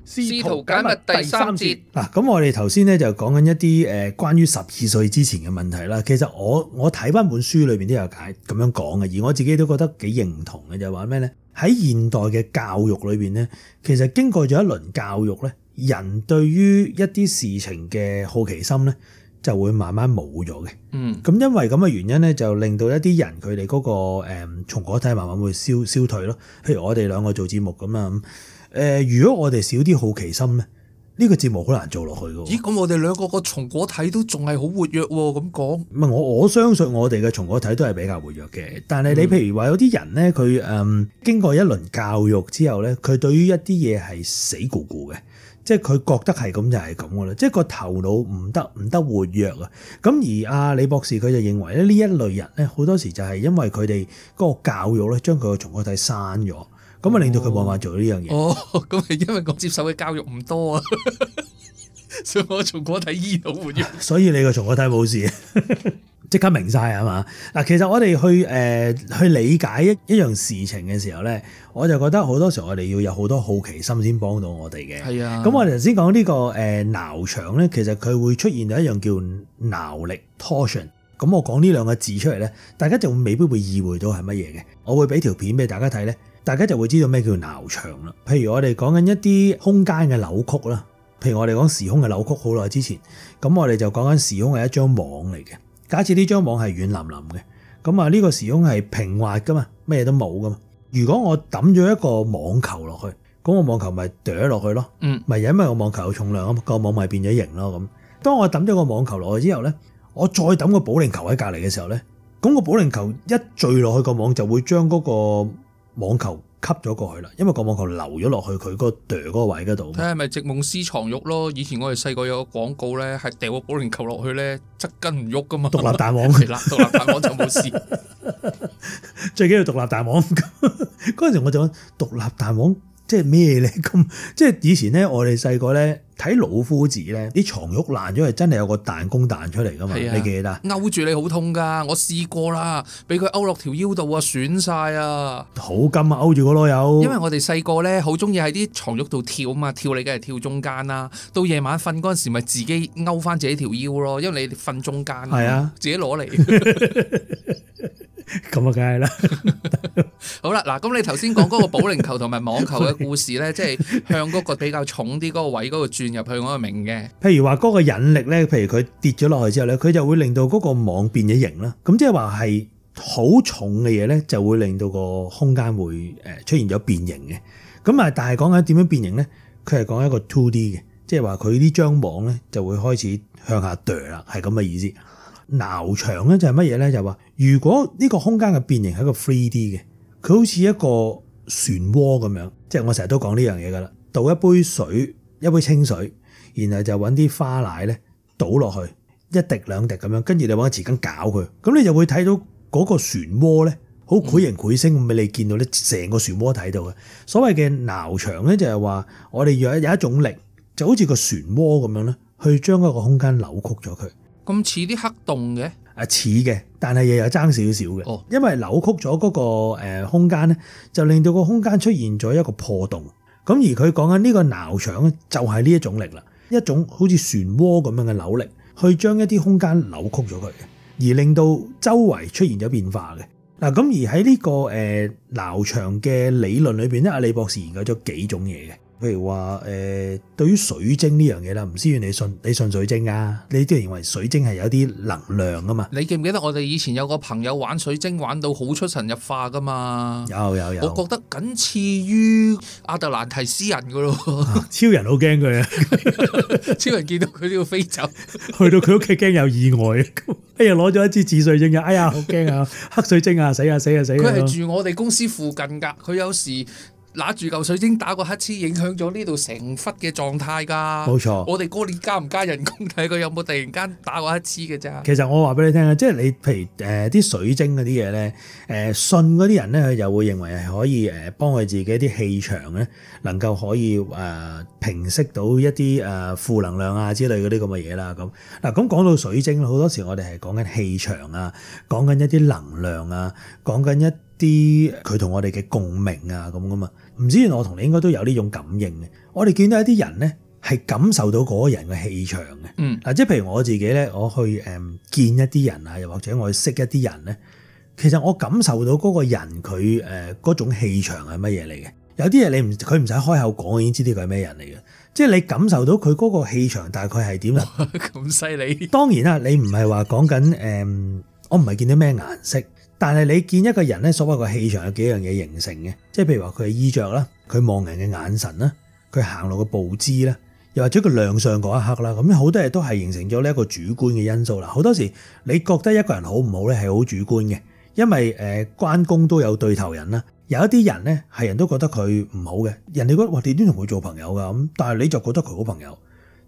試圖解密第三節嗱，咁、啊、我哋頭先咧就講緊一啲誒關於十二歲之前嘅問題啦。其實我我睇翻本書裏面，都有解咁樣講嘅，而我自己都覺得幾認同嘅就係話咩咧？喺現代嘅教育裏面咧，其實經過咗一輪教育咧，人對於一啲事情嘅好奇心咧就會慢慢冇咗嘅。嗯，咁因為咁嘅原因咧，就令到一啲人佢哋嗰個從、嗯、從我睇慢慢會消消退咯。譬如我哋兩個做節目咁啊。誒，如果我哋少啲好奇心咧，呢個節目好難做落去噶。咦？咁我哋兩個個松果體都仲係好活躍喎，咁講。唔係我我相信我哋嘅松果體都係比較活躍嘅，但係你譬如話有啲人咧，佢誒、嗯、經過一輪教育之後咧，佢對於一啲嘢係死咕咕嘅，即係佢覺得係咁就係咁噶啦，即係個頭腦唔得唔得活躍啊。咁而阿李博士佢就認為咧，呢一類人咧好多時就係因為佢哋嗰個教育咧，將佢個松果體刪咗。咁啊，就令到佢慢慢做呢樣嘢。哦，咁係因為我接受嘅教育唔多啊， 所以我從我睇醫度換藥。所以你個從我睇護士即刻明晒係嘛？嗱，其實我哋去誒、呃、去理解一一樣事情嘅時候咧，我就覺得好多時候我哋要有好多好奇心先幫到我哋嘅。係是啊剛才、這個。咁我哋頭先講呢個誒撓場咧，其實佢會出現到一樣叫撓力 torsion。咁我講呢兩個字出嚟咧，大家就未必會意會到係乜嘢嘅。我會俾條片俾大家睇咧。大家就會知道咩叫撓場啦。譬如我哋講緊一啲空間嘅扭曲啦，譬如我哋講時空嘅扭曲。好耐之前咁，我哋就講緊時空係一張網嚟嘅。假設呢張網係軟腍腍嘅，咁啊呢個時空係平滑噶嘛，咩都冇噶嘛。如果我抌咗一個網球落去，咁個網球咪啄落去咯，咪、嗯、因為個網球有重量啊，個網咪變咗形咯。咁當我抌咗個網球落去之後咧，我再抌個保齡球喺隔離嘅時候咧，咁個保齡球一墜落去個網就會將嗰個。網球吸咗過去啦，因為個網球流咗落去佢個袋嗰個位嗰度。睇下咪席夢思床褥咯，以前我哋細個有個廣告咧，係掉個保齡球落去咧，側根唔喐噶嘛。獨立彈簧係啦，獨立彈簧就冇事。 最緊要獨立彈簧，嗰 陣時候我就講獨立彈簧即係咩咧？咁即係以前咧，我哋細個咧。睇老夫子咧，啲床褥爛咗係真係有個彈弓彈出嚟㗎嘛？啊、你記得？勾住你好痛㗎，我試過啦，俾佢勾落條腰度啊，損晒啊！好金啊，勾住個攞有！因為我哋細個咧好中意喺啲床褥度跳啊嘛，跳你梗係跳中間啦。到夜晚瞓嗰時，咪自己勾翻自己條腰咯，因為你瞓中間。係啊，自己攞嚟。咁 啊， 梗係啦。好啦，嗱，咁你頭先講嗰個保齡球同埋網球嘅故事咧，即係 向嗰個比較重啲嗰個位嗰個轉。入去我明嘅，譬如話嗰個引力咧，譬如佢跌咗落去之後咧，佢就會令到嗰個網變咗形啦。咁即係話係好重嘅嘢咧，就會令到個空間會誒出現咗變形嘅。咁啊，但係講緊點樣變形咧，佢係講一個 two D 嘅，即係話佢呢張網咧就會開始向下墜啦，係咁嘅意思。撓場咧就係乜嘢咧？就係話如果呢個空間嘅變形係一個 three D 嘅，佢好似一個漩渦咁樣，即係我成日都講呢樣嘢噶啦，倒一杯水。一杯清水，然後就揾啲花奶咧倒落去，一滴兩滴咁樣，跟住你揾匙羹攪佢，咁你就會睇到嗰個漩渦咧，好繪形繪聲，咪你見到咧，成個漩渦睇到嘅。所謂嘅撓場咧，就係話我哋有有一種力，就好似個漩渦咁樣咧，去將一個空間扭曲咗佢。咁似啲黑洞嘅，啊似嘅，但係又有爭少少嘅。哦，因為扭曲咗嗰個空間咧，就令到個空間出現咗一個破洞。咁而佢講緊呢個撓場，就係呢一種力啦，一種好似漩渦咁樣嘅扭力，去將一啲空間扭曲咗佢，而令到周圍出現咗變化嘅嗱。咁而喺呢個誒撓場嘅理論裏面，咧，阿李博士研究咗幾種嘢嘅。譬如話誒、呃，對於水晶呢樣嘢啦，唔知你你信你信水晶啊？你都係認為水晶係有啲能量噶嘛？你記唔記得我哋以前有個朋友玩水晶玩到好出神入化噶嘛？有有有，我覺得僅次於阿特蘭提斯人噶咯，超人好驚佢啊！超人、啊、 超人見到佢都要飛走， 去到佢屋企驚有意外，哎呀攞咗一支紫水晶就哎呀好驚啊，黑水晶啊死啊死啊死啊！佢係 住我哋公司附近噶，佢有時。拿住嚿水晶打個乞嗤錯，影響咗呢度成忽嘅狀態㗎。冇錯，我哋嗰年加唔加人工，睇佢有冇突然間打個乞嗤嘅咋。其實我話俾你聽啊，即係你譬如誒啲、呃、水晶嗰啲嘢咧，誒、呃、信嗰啲人咧，佢又會認為係可以誒幫佢自己啲氣場咧，能夠可以誒、呃、平息到一啲誒、呃、負能量啊之類嗰啲咁嘅嘢啦。咁嗱，咁講到水晶，好多時我哋係講緊氣場啊，講緊一啲能量啊，講緊一啲佢同我哋嘅共鳴啊咁噶嘛。唔知我同你應該都有呢種感應嘅，我哋見到一啲人咧係感受到嗰人嘅氣場嘅。嗯，嗱，即係譬如我自己咧，我去誒見一啲人啊，又或者我去識一啲人咧，其實我感受到嗰個人佢誒嗰種氣場係乜嘢嚟嘅？有啲嘢你唔佢唔使開口講，已經知呢個係咩人嚟嘅。即係你感受到佢嗰個氣場大概係點咧？咁犀利！當然啦，你唔係話講緊誒，我唔係見到咩顏色。但係你見一個人咧，所謂個氣場有幾樣嘢形成嘅，即係譬如話佢嘅衣着啦，佢望人嘅眼神啦，佢行路嘅步姿啦，又或者佢亮相嗰一刻啦，咁好多嘢都係形成咗呢一個主觀嘅因素啦。好多時你覺得一個人好唔好咧，係好主觀嘅，因為誒關公都有對頭人啦，有一啲人咧係人都覺得佢唔好嘅，人哋覺得哇點樣同佢做朋友噶，咁，但係你就覺得佢好朋友，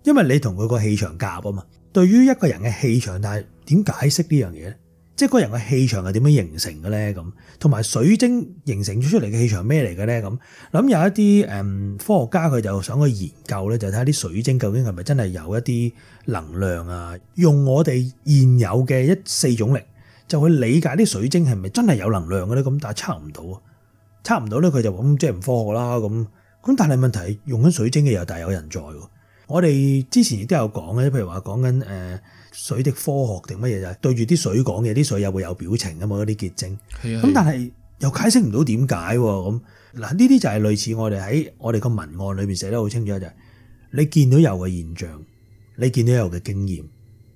因為你同佢個氣場夾啊嘛。對於一個人嘅氣場，但係點解釋呢樣嘢咧？即係個人嘅氣場係點樣形成嘅咧？咁同埋水晶形成咗出嚟嘅氣場咩嚟嘅咧？咁諗有一啲誒科學家佢就想去研究咧，就睇下啲水晶究竟係咪真係有一啲能量啊？用我哋現有嘅一四種力就去理解啲水晶係咪真係有能量嘅咧？咁但係測唔到啊，測唔到咧，佢就話咁即係唔科學啦咁。咁但係問題係用緊水晶嘅又大有人在喎。我哋之前亦都有講嘅，譬如話講緊誒。呃水的科學定乜嘢就係對住啲水講嘢，啲水又會有表情㗎嘛，啲結晶。係啊，咁但係又解釋唔到點解喎咁嗱，呢啲就係類似我哋喺我哋個文案裏面寫得好清楚，就係、是、你見到有嘅現象，你見到有嘅經驗，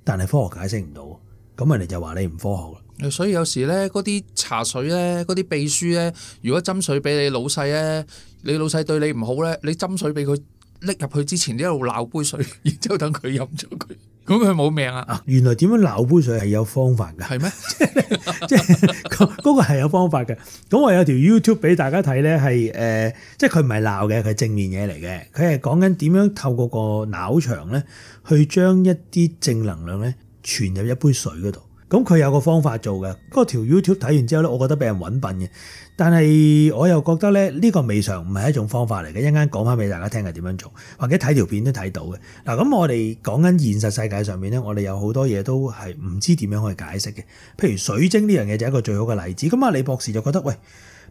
但係科學解釋唔到，咁人哋就話你唔科學啦。所以有時呢，嗰啲茶水呢，嗰啲秘書呢，如果斟水俾你老細呢，你老細對你唔好呢，你斟水俾佢拎入去之前，一路鬧杯水，然之後等佢飲咗佢。咁佢冇命啊，啊！原來點樣撓杯水係有方法㗎？係咩嗎？即係嗰個係有方法嘅。咁我有條 YouTube 俾大家睇咧，係、呃、即係佢唔係鬧嘅，佢係正面嘢嚟嘅。佢係講緊點樣透過個撓場咧，去將一啲正能量咧，傳入一杯水嗰度。咁佢有個方法做嘅。嗰條 YouTube 睇完之後咧，我覺得俾人揾笨嘅。但係我又覺得咧，呢個未嘗唔係一種方法嚟嘅，一陣間講翻俾大家聽係點樣做，或者睇條片都睇到嘅。嗱，咁我哋講緊現實世界上面咧，我哋有好多嘢都係唔知點樣去解釋嘅。譬如水晶呢樣嘢就係一個最好嘅例子。咁阿李博士就覺得，喂，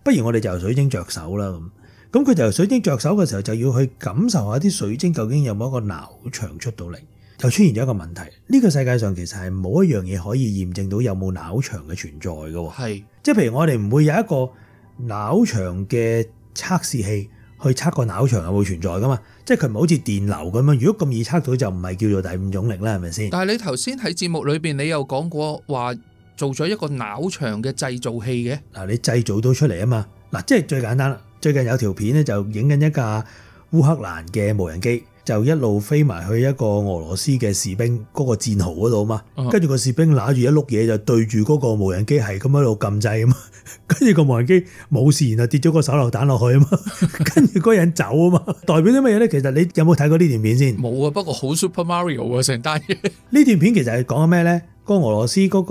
不如我哋就由水晶着手啦。咁，咁佢就由水晶着手嘅時候，就要去感受一下啲水晶究竟有冇一個撓場出到嚟，就出現咗一個問題。呢個世界上其實係冇一樣嘢可以驗證到有冇撓場嘅存在嘅。係是，即係譬如我哋唔會有一個。撓場嘅測試器去測個撓場有冇存在噶嘛，即係佢唔係好似電流咁樣。如果咁易測到，就唔係叫做第五種力啦，係咪先？但係你頭先喺節目裏邊你有講過話做咗一個撓場嘅製造器嘅。嗱，你製造到出嚟啊嘛？嗱，即係最簡單啦。最近有條片咧，就影緊一架烏克蘭嘅無人機。就一路飛埋去一個俄羅斯嘅士兵嗰個戰壕嗰度啊嘛，跟住個士兵揦住一碌嘢就對住嗰個無人機係咁喺度撳掣啊嘛，跟住個無人機冇事然後跌咗個手榴彈落去啊嘛，跟住嗰人走啊嘛，代表啲乜嘢咧？其實你有冇睇過呢段片先？冇啊，不過好 Super Mario 啊成單嘢。呢段片其實係講緊咩咧？個俄羅斯嗰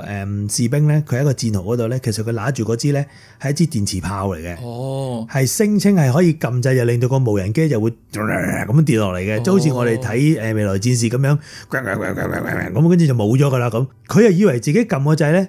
個士兵咧，佢喺個戰壕嗰度咧，其實佢拿住嗰支咧係一支電磁炮嚟嘅，係、哦、聲稱係可以撳掣就令到個無人機就會咁樣跌落嚟嘅，就好似我哋睇未來戰士咁樣，咁跟住就冇咗噶啦咁。佢係以為自己撳個掣咧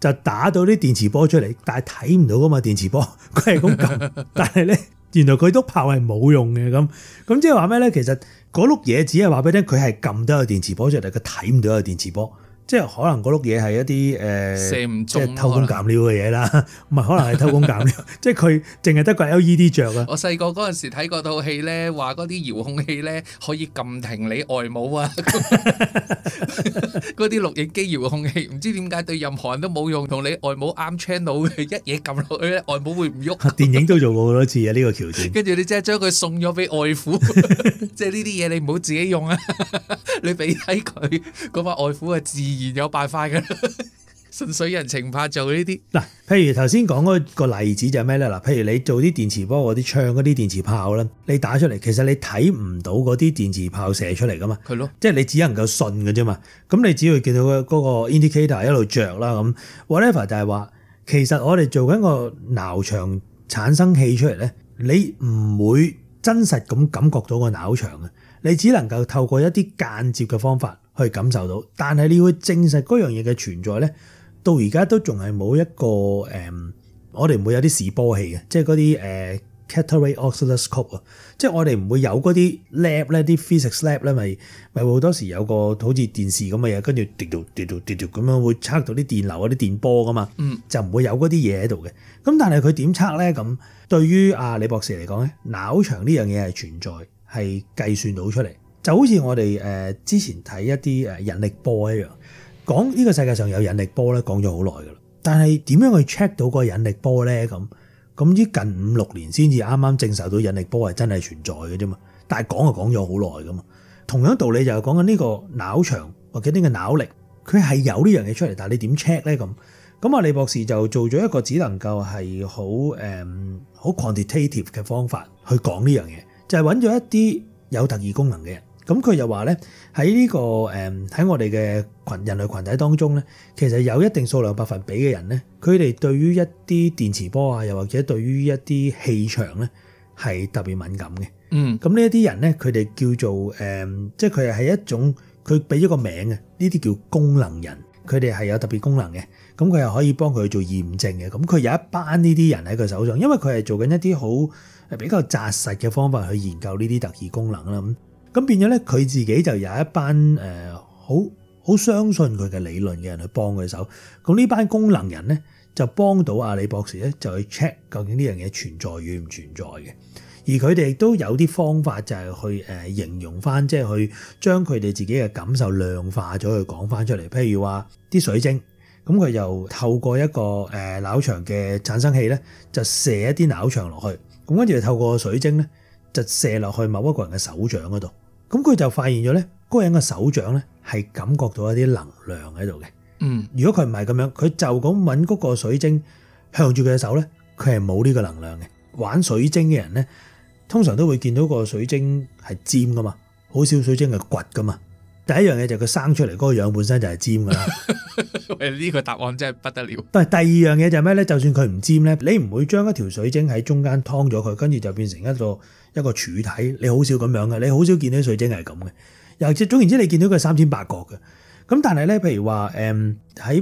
就打到啲電磁波出嚟，但係睇唔到噶嘛電磁波，佢係咁撳，但係咧原來佢都炮係冇用嘅咁，咁即係話咩咧？其實嗰碌嘢只係話俾你聽，佢係撳到有電磁波出嚟，佢睇唔到有電磁波。即係可能嗰碌嘢係一啲誒，呃、射唔中即係偷工減料嘅嘢啦。唔係可能係 偷工減料， 即係佢淨係得個 LED 著啊！我細個嗰陣時睇嗰套戲咧，話嗰啲遙控器咧可以撳停你外母啊！嗰啲錄影機遙控器，唔知點解對任何人都冇用，同你外母啱 channel 一嘢撳落去咧，外母會唔喐？電影都做過好多次啊！呢、呢個橋段，跟住 你即係將佢送咗俾外父，即係呢啲嘢你唔好自己用啊！ 你俾喺佢嗰個外父嘅字。自然有辦法嘅，純粹有人情怕做呢啲。嗱，譬如頭先講嗰個例子就係咩咧？嗱，譬如你做啲電磁波嗰啲槍嗰啲電磁炮啦，你打出嚟，其實你睇唔到嗰啲電磁炮射出嚟㗎嘛？係對咯，即係你只能夠信嘅啫嘛。咁對咯 你只要見到嘅嗰個 indicator 一路着啦咁。Whatever 就係話，其實我哋做緊個撓場產生器出嚟咧，你唔會真實咁感覺到個撓場嘅，你只能夠透過一啲間接嘅方法。去感受到，但係你會證實嗰樣嘢嘅存在咧，到而家都仲係冇一個誒、嗯、我哋唔會有啲示波器嘅，即係嗰啲誒 cathode ray oscilloscope 啊，即係我哋唔會有嗰啲 lab 咧，啲 physics lab 咧，咪咪好多時有個好似電視咁嘅嘢，跟住滴到滴到滴滴咁樣會測到啲電流、啲電波噶嘛，嗯，就唔會有嗰啲嘢喺度嘅。咁但係佢點測咧？咁對於阿、啊、李博士嚟講咧，撓場呢樣嘢係存在，係計算到出嚟。就好似我哋誒之前睇一啲誒引力波一樣，講呢個世界上有引力波咧，講咗好耐噶啦。但係點樣去 check 到個引力波咧？咁咁依近五六年先至啱啱證實到引力波係真係存在嘅啫嘛。但係講就講咗好耐噶嘛。同樣道理就係講緊呢個撓場或者個個呢個撓力，佢係有呢樣嘢出嚟，但係你點 check 咧？咁咁阿李博士就做咗一個只能夠係好誒好、um, quantitative 嘅方法去講呢樣嘢，就係揾咗一啲有特異功能嘅人。咁佢又話咧、這個，喺呢個誒喺我哋嘅群人類群體當中咧，其實有一定數量百分比嘅人咧，佢哋對於一啲電磁波啊，又或者對於一啲氣場咧，係特別敏感嘅。嗯，咁呢一啲人咧，佢哋叫做誒、呃，即係佢係一種佢俾咗一個名嘅，呢啲叫功能人，佢哋係有特別功能嘅。咁佢又可以幫佢做驗證嘅。咁佢有一班呢啲人喺佢手上，因為佢係做緊一啲好誒比較紮實嘅方法去研究呢啲特異功能啦。咁變咗咧，佢自己就有一班誒好好相信佢嘅理論嘅人去幫佢手。咁呢班功能人咧，就幫到阿李博士咧，就去 check 究竟呢樣嘢存在與唔存在嘅。而佢哋亦都有啲方法就係去誒形容翻，即係去將佢哋自己嘅感受量化咗去講翻出嚟。譬如話啲水晶，咁佢就透過一個誒撓場嘅產生器咧，就射一啲撓場落去。咁跟住透過水晶咧，就射落去某一個人嘅手掌嗰度。咁佢就發現咗咧，嗰個人嘅手掌咧，係感覺到一啲能量喺度嘅。嗯，如果佢唔係咁樣，佢就咁揾嗰個水晶向住佢嘅手咧，佢係冇呢個能量嘅。玩水晶嘅人咧，通常都會見到個水晶係尖噶嘛，好少水晶係掘噶嘛。第一樣嘢就係佢生出嚟嗰個樣本身就係尖噶啦。喂，呢個答案真係不得了。但係第二樣嘢就係咩咧？就算佢唔尖咧，你唔會將一條水晶喺中間劏咗佢，跟住就變成一個，一個柱體，你好少咁樣嘅，你好少見到水晶係咁嘅。又即係總言之你，你見到佢三千八角嘅。咁但係咧，譬如話喺、嗯、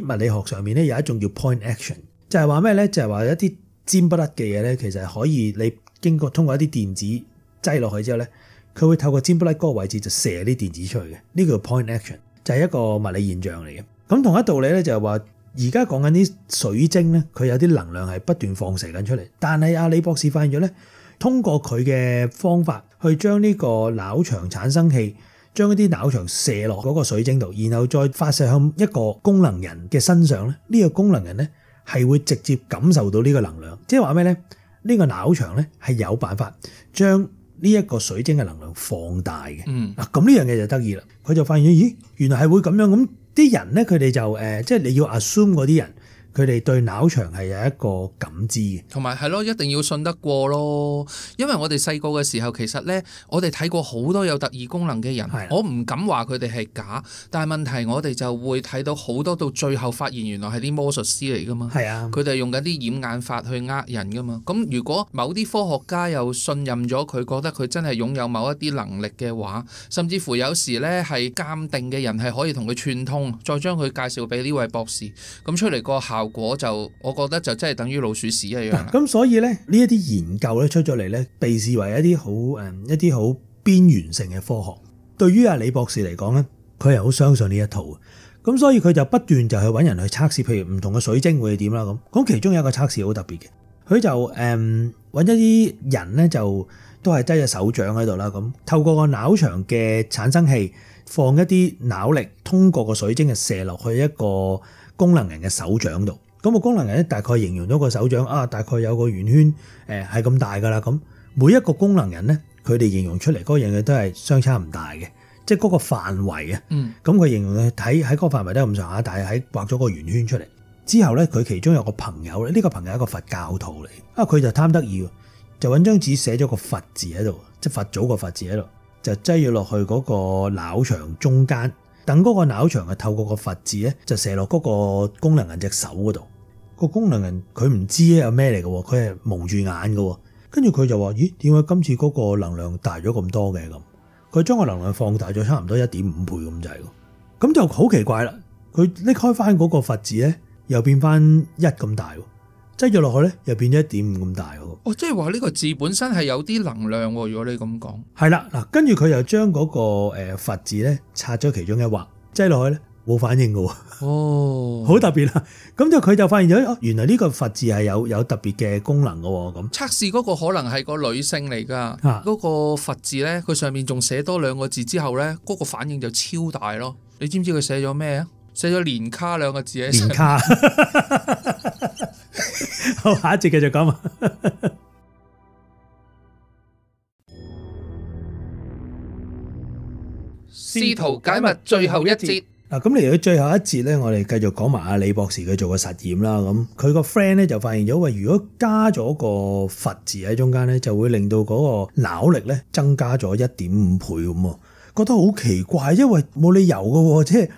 物理學上面咧，有一種叫 point action，就係話咩咧？就係、是、話一啲尖不甩嘅嘢咧，其實係可以你經過通過一啲電子擠落去之後咧，佢會透過尖不甩嗰個位置就射啲電子出去嘅。呢個叫 point action 就係一個物理現象嚟嘅。咁、嗯、同一道理咧，就係話而家講緊啲水晶咧，佢有啲能量係不斷放射緊出嚟，但係阿李博士發現咗咧。通過佢嘅方法去將呢個撓場產生器，將一啲撓場射落嗰個水晶度，然後再發射向一個功能人嘅身上咧。呢個功能人咧係會直接感受到呢個能量，即係話咩咧？呢個撓場咧係有辦法將呢一個水晶嘅能量放大嘅。嗯，嗱咁呢樣嘢就得意啦。佢就發現咦，原來係會咁樣。咁啲人咧，佢哋就誒，即係你要 assume 嗰啲人。佢哋對撓場係有一個感知，同埋係咯，一定要信得過咯。因為我哋細個嘅時候，其實呢，我哋睇過好多有特異功能嘅人，的我唔敢話佢哋係假，但係問題我哋就會睇到好多到最後發現原來係啲魔術師嚟噶嘛。佢哋的用緊啲掩眼法去呃人噶嘛。咁如果某啲科學家又信任咗佢，覺得佢真係擁有某一啲能力嘅話，甚至乎有時呢，係鑑定嘅人係可以同佢串通，再將佢介紹俾呢位博士，咁出嚟個考。效果就，我覺得就真係等於老鼠屎一樣。咁所以咧，呢一啲研究咧出咗嚟咧，被視為一啲好誒、一啲好邊緣性嘅科學。對於阿李博士嚟講咧，佢係好相信呢一套。咁所以佢就不斷就去揾人去測試，譬如唔同嘅水晶會係點啦咁。咁其中有一個測試好特別嘅，佢就誒，揾一啲人咧，就都係執隻手掌喺度啦。咁透過個撓場嘅產生器放一啲撓力，通過個水晶啊，射落去一個。功能人嘅手掌度，咁個功能人咧大概形容咗個手掌啊，大概有個圓圈誒係咁大噶啦。咁每一個功能人咧，佢哋形容出嚟嗰樣嘢都係相差唔大嘅，即係嗰個範圍啊。咁佢、嗯、形容咧，睇喺嗰個範圍都係咁上下，但係喺畫咗個圓圈出嚟之後咧，佢其中有個朋友咧，呢、這個朋友係一個佛教徒嚟，啊佢就貪得意，就搵張紙寫咗個佛字喺度，即係佛祖個佛字喺度，就擠咗落去嗰個撓場中間。等嗰個撓場係透過個佛字咧，就射落嗰個功能人隻手嗰度。個功能人佢唔知有咩嚟嘅，佢係蒙住眼嘅。跟住佢就話：咦，點解今次嗰個能量大咗咁多嘅？咁佢將個能量放大咗差唔多一點五倍咁滯咯。咁就好奇怪啦。佢拎開翻嗰個佛字咧，又變翻一咁大。擠咗落去咧，又變咗一點五咁大喎。哦，即係話呢個字本身係有啲能量喎。如果你咁講，係啦，嗱，跟住佢又將嗰個佛字咧拆咗其中一畫，擠落去咧冇反應嘅喎。哦，好特別啦。咁就佢就發現咗，哦，原來呢個佛字係有有特別嘅功能嘅喎。咁測試嗰個可能係個女性嚟㗎，嗰個佛字咧，佢上面仲寫多兩個字之後咧，嗰個反應就超大咯。你知唔知佢寫咗咩啊？寫咗年卡兩個字喺上面。連卡 好，下一節繼續講。試圖解密最後一節。嗱，咁嚟到最後一節咧，我哋繼續講埋阿李博士佢做嘅實驗啦。咁佢個 friend 咧就發現咗，喂，如果加咗個佛字喺中間咧，就會令到嗰個扭力咧增加咗一點五倍咁喎。覺得好奇怪，因為冇理由㗎喎，即係。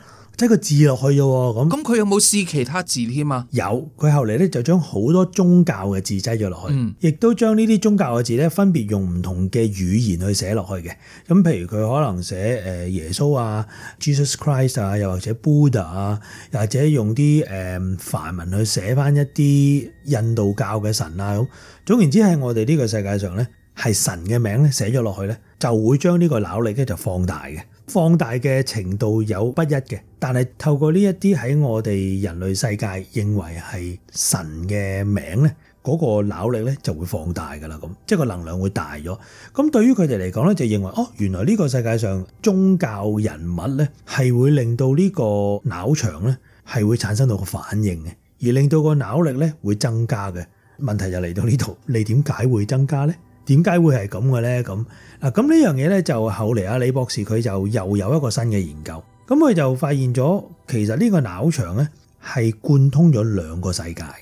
一個字落去嘅咁，咁佢有冇試其他字添啊？有，佢後嚟咧就將好多宗教嘅字擠咗落去，亦、嗯、都將呢啲宗教嘅字咧分別用唔同嘅語言去寫落去嘅。咁譬如佢可能寫誒耶穌啊，Jesus Christ 啊，又或者 Buddha 啊，又或者用啲誒梵文去寫翻一啲印度教嘅神啊。總言之，喺我哋呢個世界上咧，係神嘅名咧寫咗落去咧，就會將呢個腦力咧就放大嘅。放大嘅程度有不一嘅，但係透過呢一啲喺我哋人類世界認為係神嘅名咧，嗰個腦力咧就會放大噶啦，咁即係個能量會大咗。咁對於佢哋嚟講咧，就認為哦，原來呢個世界上宗教人物咧係會令到呢個腦場咧係會產生到個反應嘅，而令到個腦力咧會增加嘅。問題就嚟到呢度，你點解會增加咧？點解會係咁嘅咧？咁嗱，咁呢樣嘢咧，就後嚟阿李博士佢就又有一個新嘅研究，咁佢就發現咗，其實呢個撓場咧係貫通咗兩個世界嘅。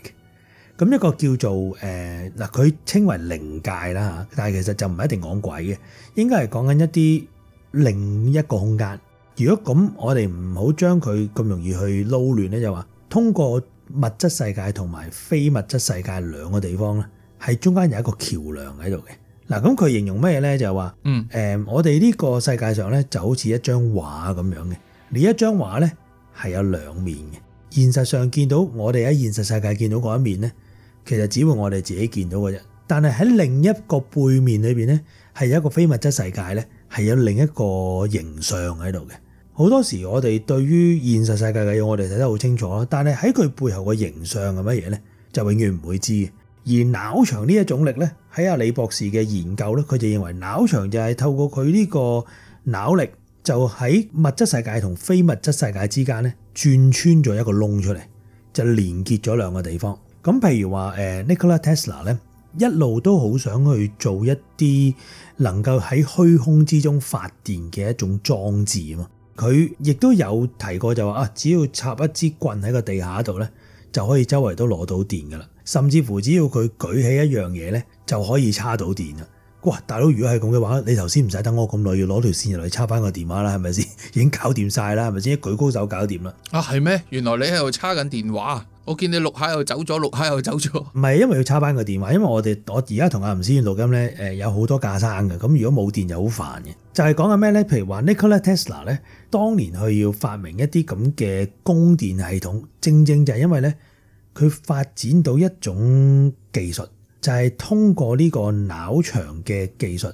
咁一個叫做誒嗱，佢稱為靈界啦嚇，但係其實就唔係一定講鬼嘅，應該係講緊一啲另一個空間。如果咁，我哋唔好將佢咁容易去撈亂咧，就話通過物質世界同埋非物質世界兩個地方咧。係中間有一個橋梁喺度嘅，嗱咁佢形容乜嘢咧？就係話，嗯，誒、呃，我哋呢個世界上咧就好似一張畫咁樣嘅。呢一張畫咧係有兩面嘅。現實上見到我哋喺現實世界見到嗰一面咧，其實只會我哋自己見到嘅啫。但係喺另一個背面裏邊咧，係有一個非物質世界咧，係有另一個形象喺度嘅。好多時我哋對於現實世界嘅嘢，我哋睇得好清楚咯。但係喺佢背後嘅形象係乜嘢咧，就永遠唔會知道嘅。而撓場呢一種力咧，喺阿李博士嘅研究咧，佢就認為撓場就係透過佢呢個撓力，就喺物質世界同非物質世界之間咧，轉穿咗一個窿出嚟，就連結咗兩個地方。咁譬如話誒，Nikola Tesla 咧，一路都好想去做一啲能夠喺虛空之中發電嘅一種裝置嘛。佢亦都有提過就話啊，只要插一支棍喺個地下度咧，就可以周圍都攞到電㗎喇。甚至乎只要佢舉起一樣嘢咧，就可以叉到電啦。哇！大佬，如果係咁嘅話，你頭先唔使等我咁耐，要攞條線入嚟叉翻個電話啦，係咪先？ 已經搞掂晒啦，係咪先？一舉高手搞掂啦。啊，係咩？原來你喺度叉緊電話，我見你錄下又走咗，錄下又走咗。唔係，因為要叉翻個電話，因為我哋我而家同阿吳思遠錄音咧、呃，有好多架生嘅，咁如果冇電就好煩嘅。就係講緊咩咧？譬如話，Nikola Tesla 咧，當年佢要發明一啲咁嘅供電系統，正正就係因為咧。佢發展到一種技術，就係、是、通過呢個撓場嘅技術，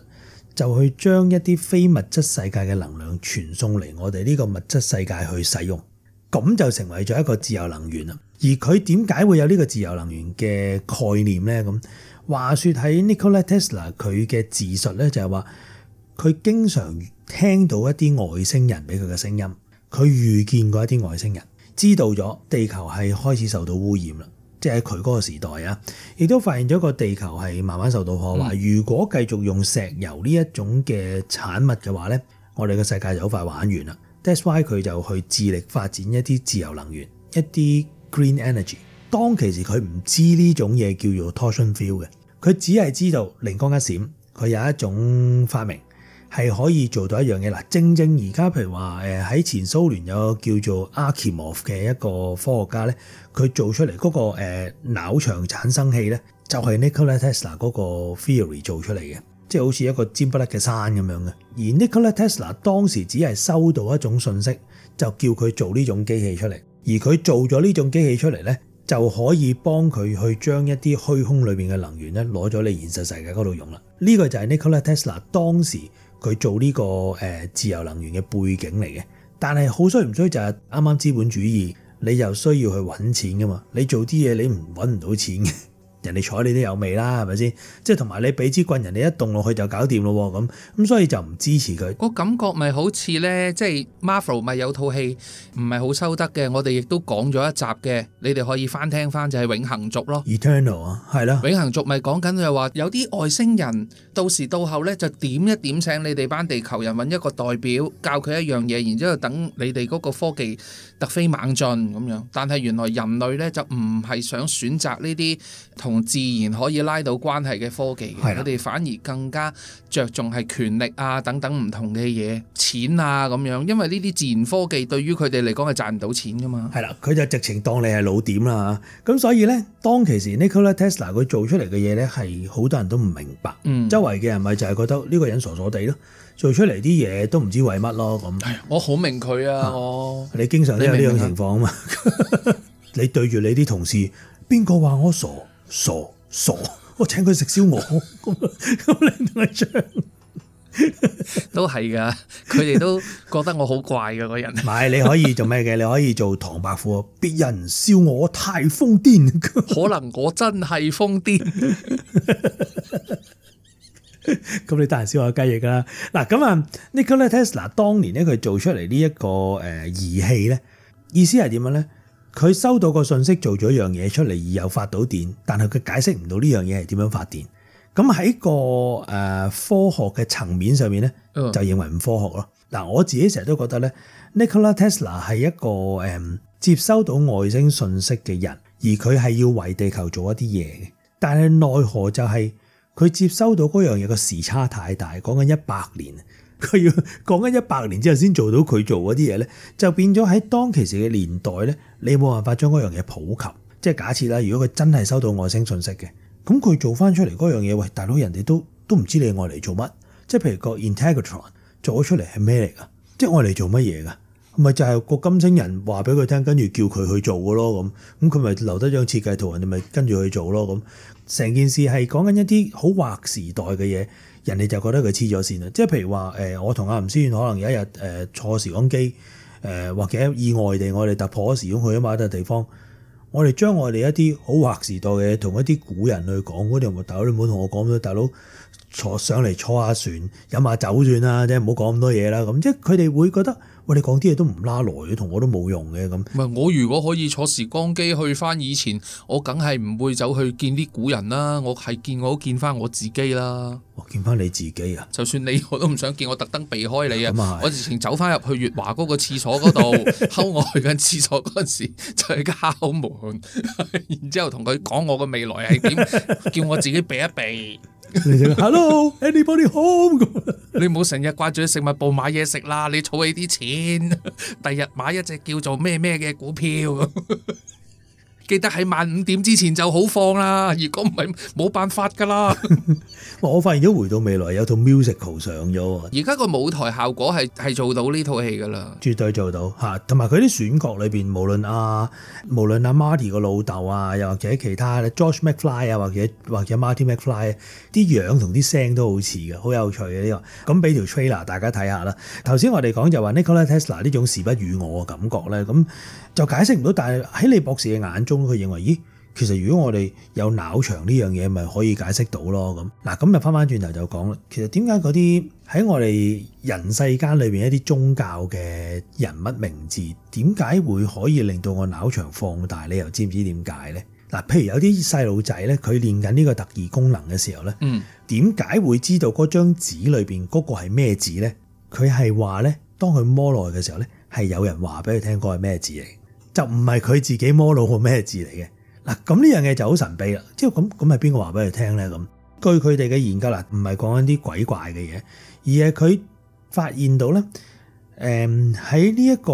就去將一啲非物質世界嘅能量傳送嚟我哋呢個物質世界去使用，咁就成為咗一個自由能源啦。而佢點解會有呢個自由能源嘅概念呢？咁話説喺 Nikola Tesla，佢嘅自述呢，就係話，佢經常聽到一啲外星人俾佢嘅聲音，佢遇見過一啲外星人。知道咗地球係開始受到污染啦，即係佢嗰個時代啊，亦都發現咗個地球係慢慢受到破壞。如果繼續用石油呢一種嘅產物嘅話呢，我哋嘅世界就好快玩完啦。That's why 佢就去致力發展一啲自由能源，一啲 green energy。當其時佢唔知呢種嘢叫做 torsion field 嘅，佢只係知道靈光一閃，佢有一種發明。係可以做到一樣嘢嗱，正正而家譬如話，誒喺前蘇聯有個叫做 Akimov 嘅一個科學家咧，佢做出嚟嗰、那個撓場產生器咧，就係 Nikola Tesla 嗰個 theory 做出嚟嘅，即係好似一個尖不甩嘅山咁樣嘅。而 Nikola Tesla 當時只係收到一種信息，就叫佢做呢種機器出嚟，而佢做咗呢種機器出嚟咧，就可以幫佢去將一啲虛空裏面嘅能源咧攞咗你現實世界嗰度用啦。呢、這個就係 Nikola Tesla 當時。佢做呢個誒自由能源嘅背景嚟嘅，但係好衰唔衰就係啱啱資本主義，你又需要去揾錢㗎嘛，你做啲嘢你唔揾唔到錢嘅。人哋睬你都有味啦，係咪先？即係同埋你俾支棍，人哋一動落去就搞掂咯咁咁，所以就唔支持佢，就是。個感覺咪好似呢，即係 Marvel 咪有套戲唔係好收得嘅，我哋亦都講咗一集嘅，你哋可以翻聽翻就係永恒族咯。Eternal 啊，係啦，永恒族咪講緊就係話有啲外星人到時到後呢，就點一點，醒你哋班地球人揾一個代表教佢一樣嘢，然之後等你哋嗰個科技突飛猛進咁樣。但係原來人類呢，就唔係想選擇呢啲同。自然可以拉到關係嘅科技，佢哋的反而更加着重係權力啊等等唔同嘅嘢、錢啊咁樣，因為呢啲自然科技對於佢哋嚟講係賺唔到錢噶嘛。係啦，佢就直情當你係老點啦吓，咁所以咧，當其時 Nikola Tesla 佢做出嚟嘅嘢咧，係好多人都唔明白，嗯、周圍嘅人咪就係覺得呢個人傻傻地咯，做出嚟啲嘢都唔知為乜咯咁。我好明佢啊，啊我你經常都有呢種情況啊嘛，你, 你對住你啲同事，邊個話我傻？傻傻，我請佢食燒鵝，咁咁領都係噶，佢哋都覺得我好怪噶個人。唔係，你可以做咩嘅？你可以做唐伯虎，別人笑我，我太瘋癲，可能我真係瘋癲。咁 你得閒燒下雞翼啦。嗱，咁啊 Nikola Tesla 當年咧，佢做出嚟呢一個誒儀器咧，意思係點樣咧？佢收到個信息做咗樣嘢出嚟，而又發到電，但係佢解釋唔到呢樣嘢係點樣發電。咁喺個誒科學嘅層面上面咧，就認為唔科學咯。嗱、嗯，我自己成日都覺得咧，Nikola Tesla 係一個誒、嗯、接收到外星信息嘅人，而佢係要為地球做一啲嘢嘅，但係奈何就係佢接收到嗰樣嘢個時差太大，講緊一百年。佢要講緊一百年之後先做到佢做嗰啲嘢咧，就變咗喺當其時嘅年代咧，你冇辦法將嗰樣嘢普及。即係假設啦，如果佢真係收到外星信息嘅，咁佢做翻出嚟嗰樣嘢，喂大佬人哋都都唔知你愛嚟做乜。即係譬如個 Integratron 做咗出嚟係咩嚟㗎？即係愛嚟做乜嘢㗎？咪就係個金星人話俾佢聽，跟住叫佢去做嘅咯咁。咁佢咪留得張設計圖，人哋咪跟住去做咯咁。成件事係講緊一啲好劃時代嘅嘢，人哋就覺得佢黐咗線啦。即係譬如話，我同阿吳思遠可能有一日誒坐時光機或者意外地，我哋突破時空去某一嘛笪地方，我哋將我哋一啲好劃時代嘅同一啲古人去講，嗰啲話大佬你唔好同我講，大佬坐上嚟坐下船飲下酒算啦，即係唔好講咁多嘢啦。咁即係佢哋會覺得。喂，你講啲嘢都唔拉來，同我都冇用嘅咁。唔係，我如果可以坐時光機去翻以前，我梗係唔會走去見啲古人啦，我係見我見翻我自己啦。我見翻你自己啊！就算你我都唔想見，我特登避開你啊！嗯、我直情走翻入去月華嗰個廁所嗰度，敲 我去緊廁所嗰陣時就去、係、敲門， 然之後同佢講我個未來係點， 叫我自己避一避。Hello, anybody home？你唔好成日掛住喺食物部買嘢食啦，你儲起啲錢，第日買一隻叫做咩咩嘅股票。 記得喺晚五點之前就好放啦。如果唔係，冇辦法噶啦。 我發現咗回到未來有套 musical 上咗喎。而家個舞台效果係做到呢套戲噶啦，絕對做到嚇。同埋佢啲選角裏面，無論阿阿 Marty 個老豆啊，啊，啊，又或者其他咧，George McFly 啊，或者或者 Marty McFly 啲樣同啲聲都好似嘅，好有趣嘅呢個。咁俾條 trailer 大家睇下啦。頭先我哋講就話 Nikola Tesla 呢種時不與我嘅感覺咧，咁。就解釋唔到，但係喺李博士嘅眼中，佢認為，咦，其實如果我哋有撓場呢樣嘢，咪可以解釋到咯咁。嗱，咁返翻翻轉頭就講，其實點解嗰啲喺我哋人世間裏面一啲宗教嘅人物名字，點解會可以令到我撓場放大？你又知唔知點解呢？嗱，譬如有啲細路仔咧，佢練緊呢個特異功能嘅時候咧，點解、嗯、會知道嗰張紙裏面嗰個係咩字呢？佢係話咧，當佢摸落嘅時候咧，係有人話俾佢聽嗰係咩字嚟。就唔係佢自己摸腦個咩字嚟嘅。嗱，咁呢樣嘢就好神秘啦。即係咁咁係邊個話俾佢聽咧？咁據佢哋嘅研究啦，唔係講緊啲鬼怪嘅嘢，而係佢發現到咧，誒喺呢一個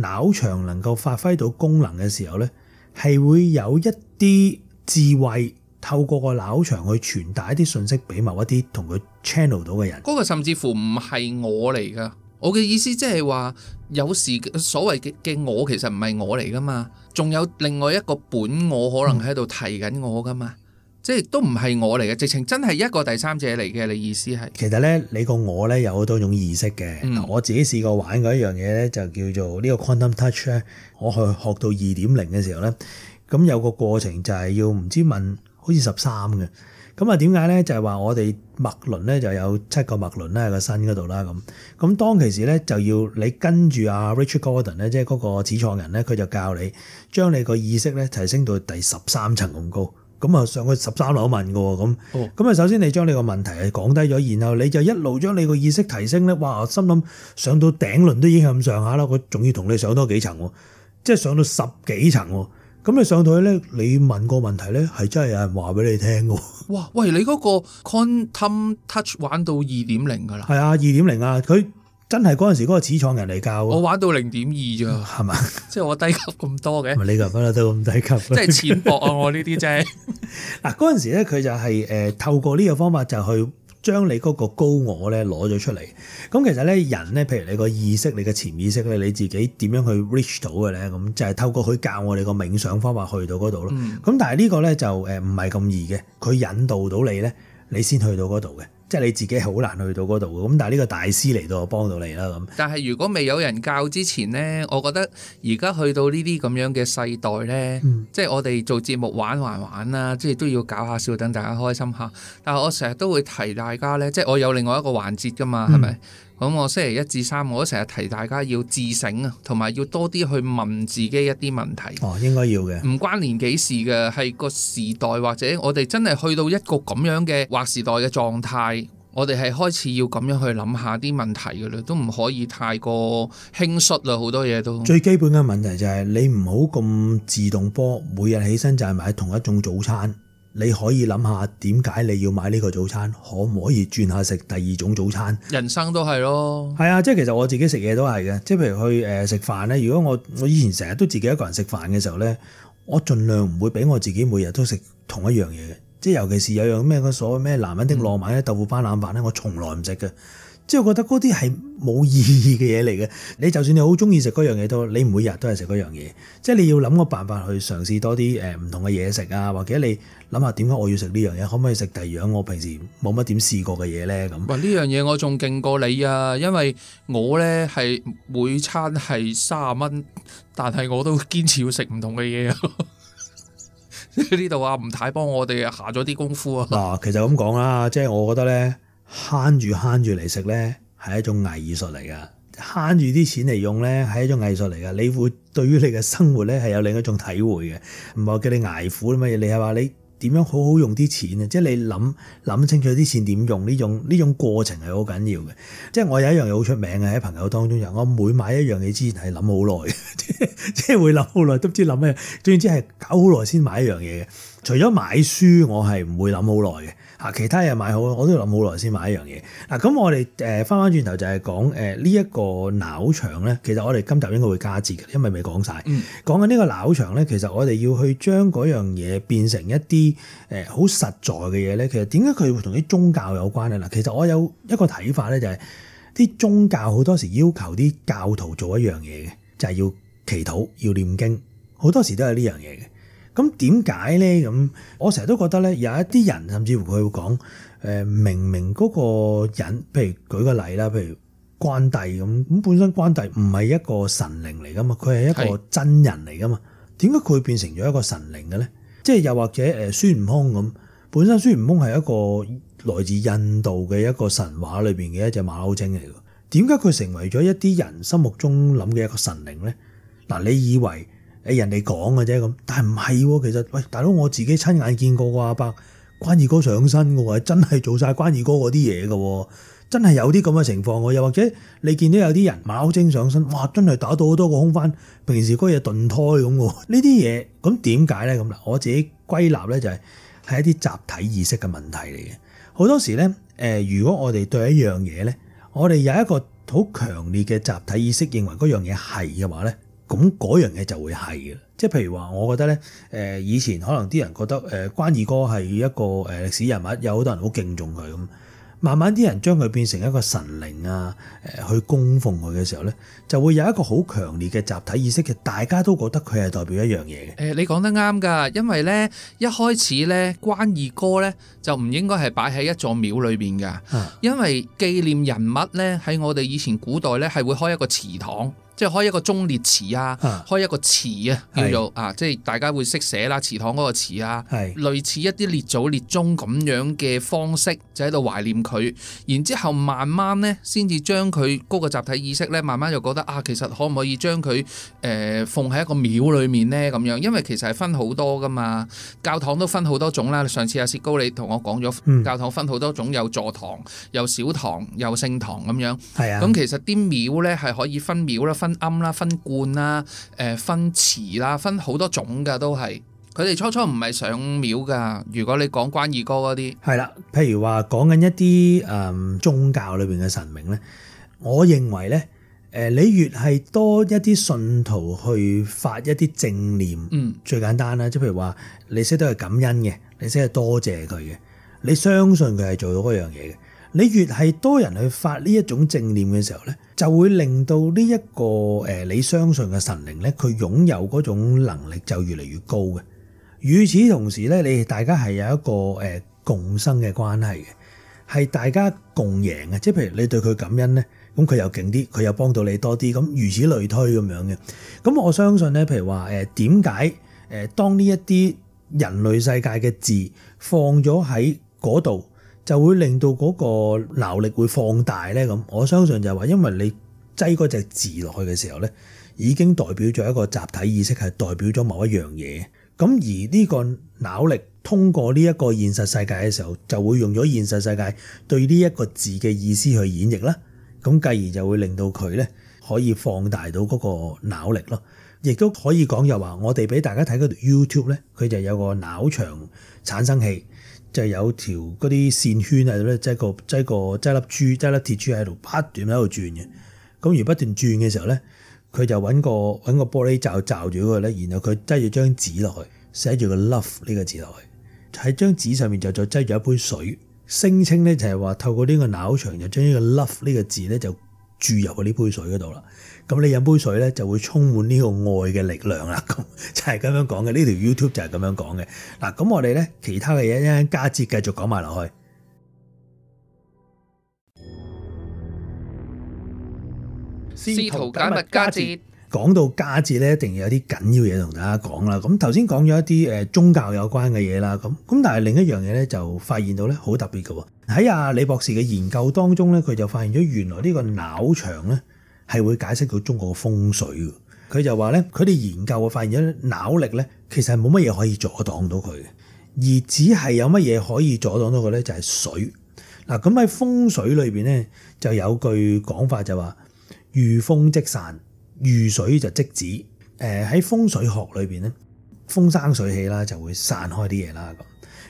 撓場能夠發揮到功能嘅時候咧，係會有一啲智慧透過個撓場去傳達一啲信息，俾某一啲同佢 channel 到嘅人。嗰個甚至乎唔係我嚟噶。我嘅意思即係話，有時所謂嘅嘅我其實唔係我嚟噶嘛，仲有另外一個本我可能喺度提緊我噶嘛，即係都唔係我嚟嘅，直情真係一個第三者嚟嘅。你意思係？其實咧，你個我咧有好多種意識嘅。嗯、我自己試過玩過一樣嘢咧，就叫做呢個 quantum touch 咧。我去學到二點零嘅時候咧，咁有個過程就係要唔知問好似十三嘅。咁啊，點解咧？就係話我哋麥輪咧就有七個麥輪喺個身嗰度啦咁。咁當其時咧，就要你跟住阿 Richard Gordon 咧，即係嗰個始創人咧，佢就教你將你個意識咧提升到第十三層咁高。咁啊，上去十三樓問嘅喎咁。咁啊，首先你將你個問題係講低咗，然後你就一路將你個意識提升咧。哇，我心諗上到頂輪都已經咁上下啦，我仲要同你上多幾層，即係上到十幾層。咁你上台咧，你問個問題咧，係真係有人話俾你聽嘅喎。哇，喂，你嗰個 Quantum Touch 玩到二點零嘅啦，係啊，二點零啊，佢真係嗰陣時嗰個始創人嚟教。我玩到零點二係嘛？吧即係我低級咁多嘅。你咁得都咁低級，即係 淺薄啊！ 我呢啲啫。嗱，嗰陣時咧，佢就係誒透過呢個方法就去。將你嗰個高我咧攞咗出嚟，咁其實咧人咧，譬如你個意識、你嘅潛意識咧，你自己點樣去 reach 到嘅咧？咁就係、是、透過佢教我哋個冥想方法去到嗰度咯。咁、嗯、但係呢個咧就誒唔係咁易嘅，佢引導到你咧，你先去到嗰度嘅。即係你自己好難去到嗰度嘅，咁但係呢個大師嚟到我幫到你啦咁。但係如果未有人教之前咧，我覺得而家去到呢啲咁樣嘅世代咧、嗯，即係我哋做節目玩還玩啦，即係都要搞下笑，等大家開心吓。但係我成日都會提大家咧，即係我有另外一個環節㗎嘛，係咪、嗯？咁我星期一至三我都成日提大家要自省啊，同埋要多啲去問自己一啲問題哦，應該要嘅，唔關年紀事嘅，係個時代或者我哋真係去到一個咁樣嘅劃時代嘅狀態，我哋係開始要咁樣去諗下啲問題嘅嘞，都唔可以太過輕率啦，好多嘢都。最基本嘅問題就係你唔好咁自動波，每日起身就係買同一種早餐。你可以諗下點解你要買呢個早餐，可唔可以轉下食第二種早餐？人生都係咯，係啊，即係其實我自己食嘢都係嘅，即係譬如去誒食飯咧。如果我我以前成日都自己一個人食飯嘅時候咧，我盡量唔會俾我自己每日都食同一樣嘢嘅，即係尤其是有樣咩所謂咩男人的浪漫咧，嗯、豆腐火腩飯咧，我從來唔食嘅。即係我覺得嗰啲係冇意義嘅嘢嚟嘅。你就算你好中意食嗰樣嘢都你每日都係食嗰樣嘢。即係你要諗個辦法去嘗試多啲誒唔同嘅嘢食啊，或者你諗下點解我要食呢樣嘢，可唔可以食第二樣我平時冇乜點試過嘅嘢咧咁？呢樣嘢我仲勁過你啊，因為我咧係每餐係卅蚊，但係我都堅持要食唔同嘅嘢啊！呢度阿吳太幫我哋下咗啲功夫啊！嗱，其實咁講啦，即係我覺得咧。慳住慳住嚟食咧，係一種藝術嚟噶。慳住啲錢嚟用咧，係一種藝術嚟噶。你會對於你嘅生活咧，係有另一種體會嘅。唔係話叫你挨苦咁嘅嘢，你係話你點樣好好用啲錢啊？即係你諗諗清楚啲錢點用，呢種呢種過程係好緊要嘅。即係我有一樣嘢好出名嘅喺朋友當中，我每買一樣嘢之前係諗好耐， 即係即係會諗好耐，都唔知諗咩。總之係搞好耐先買一樣嘢嘅。除咗買書，我係唔會諗好耐嘅。其他嘢買好，我都諗好耐先買一樣嘢。嗱，咁我哋返翻翻轉頭就係講呢一個撓場咧，其實我哋今集應該會加字嘅，因為未、嗯、講晒。講緊呢個撓場咧，其實我哋要去將嗰樣嘢變成一啲好實在嘅嘢咧。其實點解佢會同啲宗教有關咧？嗱，其實我有一個睇法咧、就是，就係啲宗教好多時要求啲教徒做一樣嘢嘅，就係、是、要祈禱、要念經，好多時都係呢樣嘢嘅。咁點解咧？咁我成日都覺得咧，有一啲人甚至乎佢會講誒，明明嗰個人，譬如舉個例啦，譬如關帝咁，咁本身關帝唔係一個神靈嚟噶嘛，佢係一個真人嚟噶嘛，點解佢變成咗一個神靈嘅咧？即係又或者誒，孫悟空咁，本身孫悟空係一個來自印度嘅一個神話裏面嘅一隻馬騮精嚟嘅，點解佢成為咗一啲人心目中諗嘅一個神靈咧？嗱，你以為？誒人哋講嘅啫咁，但係唔係喎？其實，喂，大佬我自己親眼見過個阿伯關二哥上身嘅喎，真係做晒關二哥嗰啲嘢嘅喎，真係有啲咁嘅情況喎。又或者你見到有啲人馬騮精上身，哇，真係打到好多個空翻，平時嗰嘢盾胎咁喎。呢啲嘢咁點解咧？咁嗱，我自己歸納咧就係、係、係一啲集體意識嘅問題嚟嘅。好多時咧，誒，如果我哋對一樣嘢咧，我哋有一個好強烈嘅集體意識，認為嗰樣嘢係嘅話咧。咁嗰樣嘢就會係嘅，即係譬如話，我覺得呢，誒以前可能啲人覺得誒關二哥係一個誒歷史人物，有好多人好敬重佢咁。慢慢啲人將佢變成一個神靈啊，去供奉佢嘅時候呢，就會有一個好強烈嘅集體意識嘅，大家都覺得佢係代表一樣嘢嘅。你講得啱㗎，因為呢，一開始呢，關二哥呢就唔應該係擺喺一座廟裏邊㗎，啊、因為紀念人物呢，喺我哋以前古代呢，係會開一個祠堂。即係開一個中列祠啊，開一個祠啊，啊叫做是啊，即係大家會識寫啦，祠堂嗰個祠啊，是類似一啲列祖列宗咁樣嘅方式，就喺度懷念佢。然之後慢慢咧，先至將佢個集體意識咧，慢慢就覺得啊，其實可唔可以將佢誒奉喺一個廟裏面咧？咁樣，因為其實係分好多噶嘛，教堂都分好多種啦。上次阿薛高你同我講咗，嗯、教堂分好多種，有座堂、有小堂、有聖堂咁樣，係啊，咁其實啲廟咧係可以分廟啦。分庵啦，分觀啦，誒，分祠啦，分好多種噶，都係。佢哋初初唔係上廟噶。如果你講關二哥嗰啲，係啦，譬如話講緊一啲誒、嗯、宗教裏邊嘅神明咧，我認為咧，誒，你越係多一啲信徒去發一啲正念，嗯，最簡單啦，即係譬如話，你識得去感恩嘅，你識得去多謝佢嘅，你相信佢係做到嗰樣嘢嘅。你越係多人去發呢一種正念嘅時候咧，就會令到呢一個誒你相信嘅神靈咧，佢擁有嗰種能力就越嚟越高嘅。與此同時咧，你哋大家係有一個誒共生嘅關係嘅，係大家共贏嘅。即係譬如你對佢感恩咧，咁佢又勁啲，佢又幫到你多啲，咁如此類推咁樣嘅。咁我相信咧，譬如話誒點解誒當呢一啲人類世界嘅字放咗喺嗰度，就會令到嗰個腦力會放大咧咁，我相信就係話，因為你擠嗰隻字落去嘅時候咧，已經代表咗一個集體意識係代表咗某一樣嘢。咁而呢個腦力通過呢一個現實世界嘅時候，就會用咗現實世界對呢一個字嘅意思去演繹啦。咁繼而就會令到佢咧可以放大到嗰個腦力咯。亦都可以講又話，我哋俾大家睇嗰段 YouTube 咧，佢就有個撓場產生器。就係有條嗰啲線圈喺度咧，擠個擠個擠粒珠、擠粒鐵珠喺度不斷喺度轉嘅。咁而不斷轉嘅時候咧，佢就搵個搵個玻璃罩罩住佢咧，然後佢擠住張紙落去，寫住個 love 呢個字落去。喺張紙上面就再擠住一杯水，聲稱咧就係話透過呢個撓場就將呢個 love 呢個字咧就注入去呢杯水嗰度啦。咁你飲杯水咧，就會充滿呢個愛嘅力量啦。咁就係咁樣講嘅，呢條 YouTube 就係咁樣講嘅。嗱，咁我哋咧其他嘅嘢，一陣間加節繼續講埋落去。試圖解密加節，講到加節咧，一定要有啲緊要嘢同大家講啦。咁頭先講咗一啲誒宗教有關嘅嘢啦，咁咁但係另一樣嘢咧就發現到咧好特別嘅喎。喺阿李博士嘅研究當中咧，佢就發現咗原來呢個撓場咧。係會解釋到中國嘅風水，佢就話咧，佢哋研究會發現咗，撓力咧其實係冇乜嘢可以阻擋到佢嘅，而只係有乜嘢可以阻擋到佢咧，就係水。嗱，咁喺風水裏邊咧，就有句講法就話，遇風即散，遇水就即止。誒喺風水學裏邊咧，風生水起啦，就會散開啲嘢啦。咁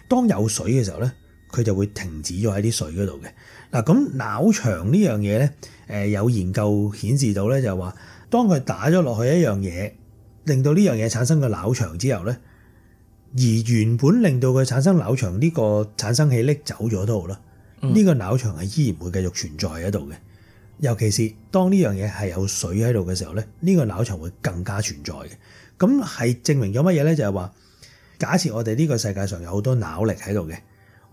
當有水嘅時候咧，佢就會停止咗喺啲水嗰度嘅。嗱，咁撓場呢樣嘢咧。誒有研究顯示到咧，就係話，當佢打咗落去一樣嘢，令到呢樣嘢產生個撓場之後咧，而原本令到佢產生撓場呢個產生氣力走咗都好啦，呢、嗯、個撓場係依然會繼續存在喺度嘅。尤其是當呢樣嘢係有水喺度嘅時候咧，呢、這個撓場會更加存在嘅。咁係證明咗乜嘢咧？就係、是、話，假設我哋呢個世界上有好多撓力喺度嘅。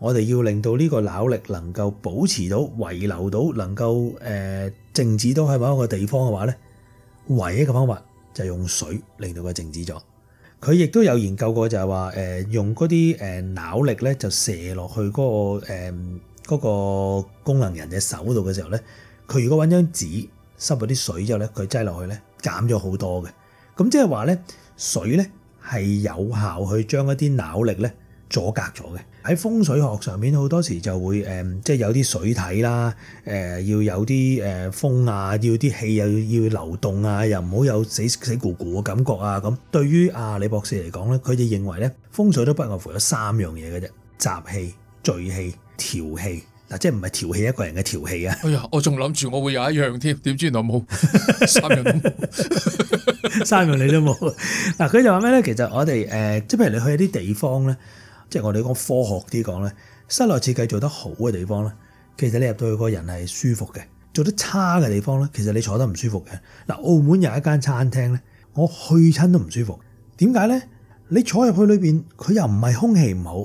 我哋要令到呢個撓力能夠保持到、遺留到、能夠誒靜止到喺某一個地方嘅話咧，唯一嘅方法就係用水令到佢靜止咗。佢亦都有研究過，就係話誒用嗰啲誒撓力咧，就射落去嗰個誒嗰個功能人嘅手度嘅時候咧，佢如果搵張紙濕咗啲水之後咧，佢擠落去咧減咗好多嘅。咁即係話咧，水咧係有效去將一啲撓力咧阻隔咗嘅。喺風水學上面，好多時就會誒，即係有啲水體啦，誒要有啲誒風啊，要啲氣又要流動啊，又唔好有死死咕咕嘅感覺啊。咁對於阿李博士嚟講咧，佢就認為咧，風水都不外乎有三樣嘢嘅啫：集氣、聚氣、調氣。嗱，即係唔係調氣一個人嘅調氣啊？哎呀，我仲諗住我會有一樣添，點知原來冇，三樣都冇， 三樣你都冇。嗱，佢就話咩咧？其實我哋誒，即係譬如你去一啲地方咧。即係我哋講科學啲講咧，室內設計做得好嘅地方咧，其實你入到去個人係舒服嘅；做得差嘅地方咧，其實你坐得唔舒服嘅。嗱，澳門有一間餐廳咧，我去親都唔舒服。點解咧？你坐入去裏邊，佢又唔係空氣唔好，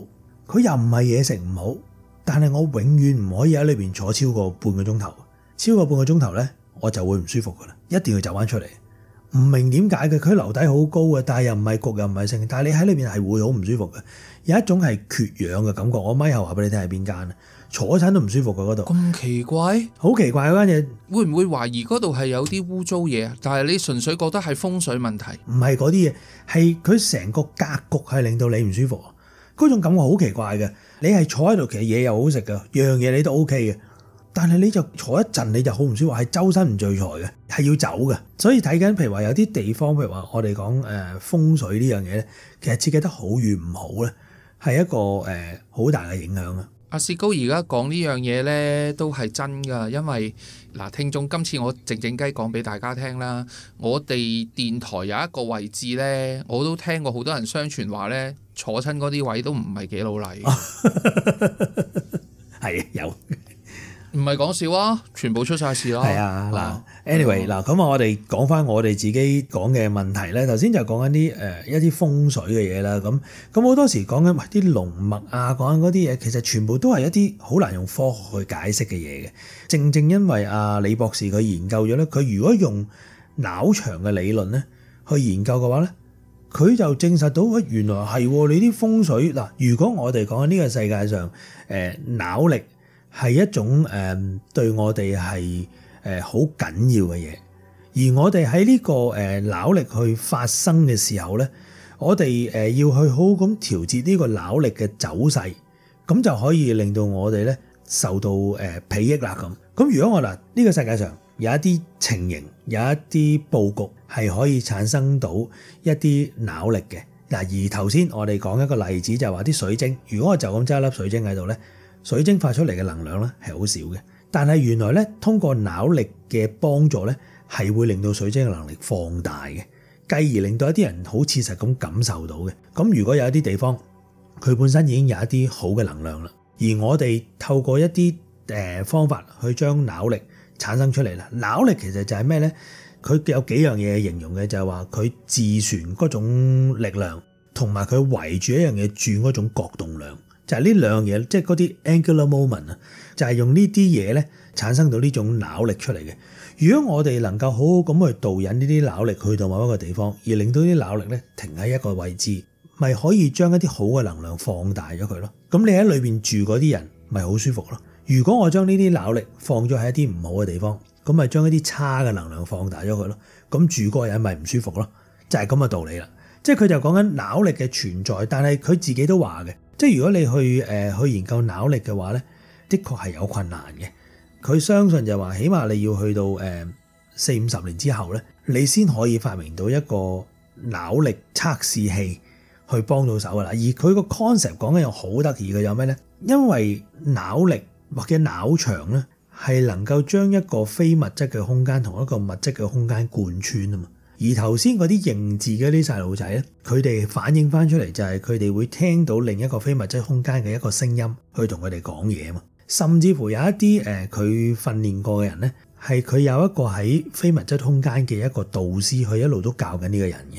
佢又唔係嘢食唔好，但係我永遠唔可以喺裏邊坐超過半個鐘頭。超過半個鐘頭咧，我就會唔舒服㗎啦，一定要走翻出嚟。唔明點解嘅，佢樓底好高嘅，但係又唔係焗又唔係升，但係你喺裏邊係會好唔舒服嘅，有一種係缺氧嘅感覺。我咪又話俾你聽係邊間啊？坐親都唔舒服嘅嗰度。咁奇怪，好奇怪嗰間嘢，會唔會懷疑嗰度係有啲污糟嘢啊？但係你純粹覺得係風水問題，唔係嗰啲嘢，係佢成個格局係令到你唔舒服。嗰種感覺好奇怪嘅，你係坐喺度其實嘢又好食㗎，樣嘢你都 OK 嘅。但係你，你就坐一陣，你就好唔舒服，係周身唔聚財嘅，係要走嘅。所以睇緊，譬如話有啲地方，譬如話我哋講誒風水呢樣嘢咧，其實設計得好與唔好咧，係一個誒好大嘅影響啊！阿薛高而家講呢樣嘢咧，都係真噶，因為嗱，聽眾今次我靜靜雞講俾大家聽啦，我哋電台有一個位置咧，我都聽過好多人相傳話咧，坐親嗰啲位都唔係幾老例，係 有。唔係講笑啊！全部出晒事咯～係啊，嗱，anyway，嗱，咁啊，anyway，啊我哋講翻我哋自己講嘅問題咧。頭先就講緊啲誒一啲風水嘅嘢啦。咁咁好多時講緊啲龍脈啊，講緊嗰啲嘢，其實全部都係一啲好難用科學去解釋嘅嘢嘅。正正因為阿李博士佢研究咗咧，佢如果用撓場嘅理論咧去研究嘅話咧，佢就證實到原來係、啊、你啲風水嗱。如果我哋講緊呢個世界上誒撓、呃、力。係一種誒對我哋係誒好緊要嘅嘢，而我哋喺呢個誒腦力去發生嘅時候咧，我哋誒要去好咁調節呢個腦力嘅走勢，咁就可以令到我哋咧受到誒裨益啦咁。咁如果我嗱呢個世界上有一啲情形，有一啲佈局係可以產生到一啲腦力嘅嗱，而頭先我哋講一個例子就係話啲水晶，如果我就咁揸一粒水晶喺度咧。水晶發出嚟嘅能量咧係好少嘅，但係原來咧通過腦力嘅幫助咧係會令到水晶嘅能力放大嘅，繼而令到一啲人好切實咁感受到嘅。咁如果有一啲地方佢本身已經有一啲好嘅能量啦，而我哋透過一啲誒方法去將腦力產生出嚟啦。腦力其實就係咩咧？佢有幾樣嘢形容嘅，就係話佢自旋嗰種力量，同埋佢圍住一樣嘢轉嗰種角動量。就係呢兩樣嘢，即係嗰啲 angular moment 啊，就係用呢啲嘢咧產生到呢種腦力出嚟嘅。如果我哋能夠好好咁去導引呢啲腦力去到某一個地方，而令到啲腦力咧停喺一個位置，咪可以將一啲好嘅能量放大咗佢咯。咁你喺裏面住嗰啲人咪好舒服咯。如果我將呢啲腦力放咗喺一啲唔好嘅地方，咁咪將一啲差嘅能量放大咗佢咯。咁住嗰人咪唔舒服咯。就係咁嘅道理啦。即係佢就講緊腦力嘅存在，但係佢自己都話嘅。即係如果你去誒去研究撓力嘅話咧，的確係有困難嘅。佢相信就係話，起碼你要去到誒四五十年之後咧，你先可以發明到一個撓力測試器去幫到手噶啦。而佢個 concept 講緊又好得意嘅，有咩咧？因為撓力或者撓場咧，係能夠將一個非物質嘅空間同一個物質嘅空間貫穿啊嘛。而頭先嗰啲認字嘅呢啲細路仔咧，佢哋反映翻出嚟就係佢哋會聽到另一個非物質空間嘅一個聲音，去同佢哋講嘢啊嘛。甚至乎有一啲佢訓練過嘅人咧，係佢有一個喺非物質空間嘅一個導師，佢一路都教緊呢個人嘅。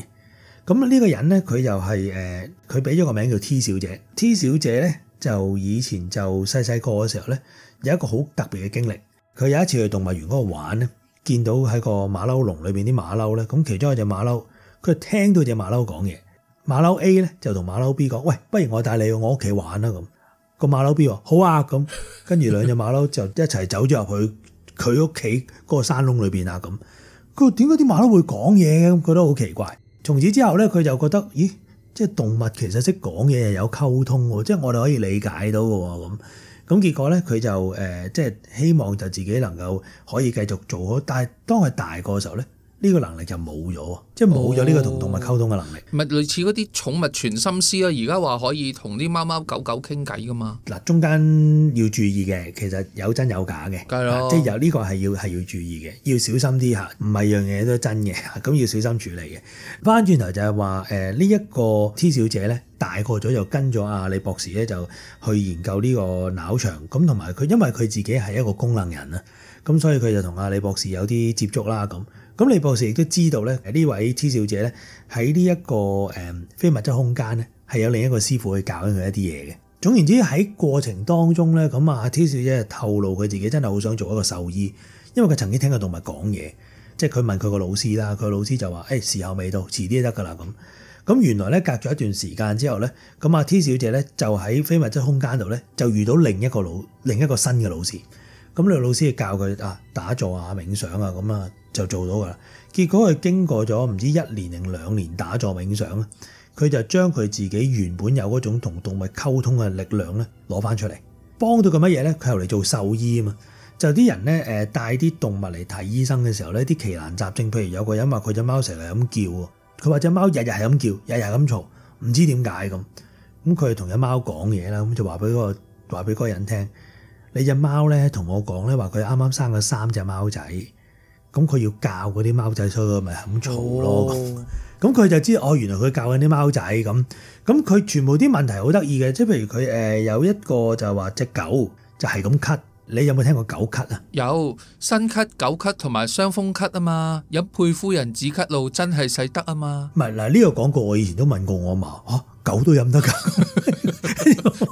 咁、這、呢個人咧、就係，佢又係佢俾咗個名叫 T 小姐。T 小姐咧，就以前就細細個嘅時候咧，有一個好特別嘅經歷。佢有一次去動物園嗰度玩咧。見到喺個馬騮籠裏邊啲馬騮咧，咁其中一隻馬騮佢就聽到隻馬騮講嘢，馬騮 A 咧就同馬騮 B 講：喂，不如我帶你去我屋企玩啦咁。個馬騮 B 話：好啊咁。跟住兩隻馬騮就一齊走咗入去佢屋企嗰個山窿裏邊啊咁。佢點解啲馬騮會講嘢嘅？咁覺得好奇怪。從此之後咧，佢就覺得：咦，即係動物其實識講嘢又有溝通喎，即係我哋可以理解到嘅喎咁。咁結果咧，佢就誒即係希望就自己能夠可以繼續做好，但係當佢大個嘅時候咧，呢個能力就冇咗，哦、即係冇咗呢個同動物溝通嘅能力。唔係類似嗰啲寵物傳心師咯，而家話可以同啲貓貓狗狗傾偈噶嘛？嗱，中間要注意嘅，其實有真有假嘅。梗係咯，即係有呢個係要係要注意嘅，要小心啲嚇，唔係樣嘢都真嘅，咁要小心處理嘅。翻轉頭就係話呢一個 T 小姐咧，大個咗就跟咗阿李博士咧，就去研究呢個撓場咁，同埋佢因為佢自己係一個功能人啦，咁所以佢就同阿李博士有啲接觸啦咁。咁李博士亦都知道咧，呢位 T 小姐咧，喺呢一個誒非物質空間咧，係有另一個師傅去教緊佢一啲嘢嘅。總言之喺過程當中咧，咁、啊、阿 T 小姐透露佢自己真係好想做一個獸醫，因為佢曾經聽過動物講嘢，即係佢問佢個老師啦，佢個老師就話：誒、哎、時候未到，遲啲得㗎啦咁。咁原來咧，隔咗一段時間之後咧，咁阿 T 小姐咧就喺非物質空間度咧，就遇到另一個老，另一個新嘅老師。咁呢個老師教佢啊，打坐啊，冥想啊，咁啊就做到噶啦。結果佢經過咗唔知一年定兩年打坐冥想啊，佢就將佢自己原本有嗰種同動物溝通嘅力量咧攞翻出嚟，幫到佢乜嘢咧？佢後嚟做獸醫啊嘛，就啲人咧誒帶啲動物嚟睇醫生嘅時候咧，啲奇難雜症，譬如有個人話佢隻貓成日咁叫佢話隻貓日日係咁叫，日日咁嘈，唔知點解咁。咁佢同隻貓講嘢啦，咁就話俾嗰個話俾嗰個人聽，你隻貓咧同我講咧話佢啱啱生咗三隻貓仔，咁佢要教嗰啲貓仔，出去咪係咁嘈咯。咁佢、oh. 就知哦，原來佢教緊啲貓仔咁。咁佢全部啲問題好得意嘅，即係譬如佢誒有一個就話隻狗就係咁咳。你有冇聽過狗咳啊？有新咳、狗咳同埋傷風咳啊嘛，飲珮夫人止咳露真係使得啊嘛。唔係嗱，呢個廣告我以前都問過我阿媽，吓、啊、狗都飲得噶？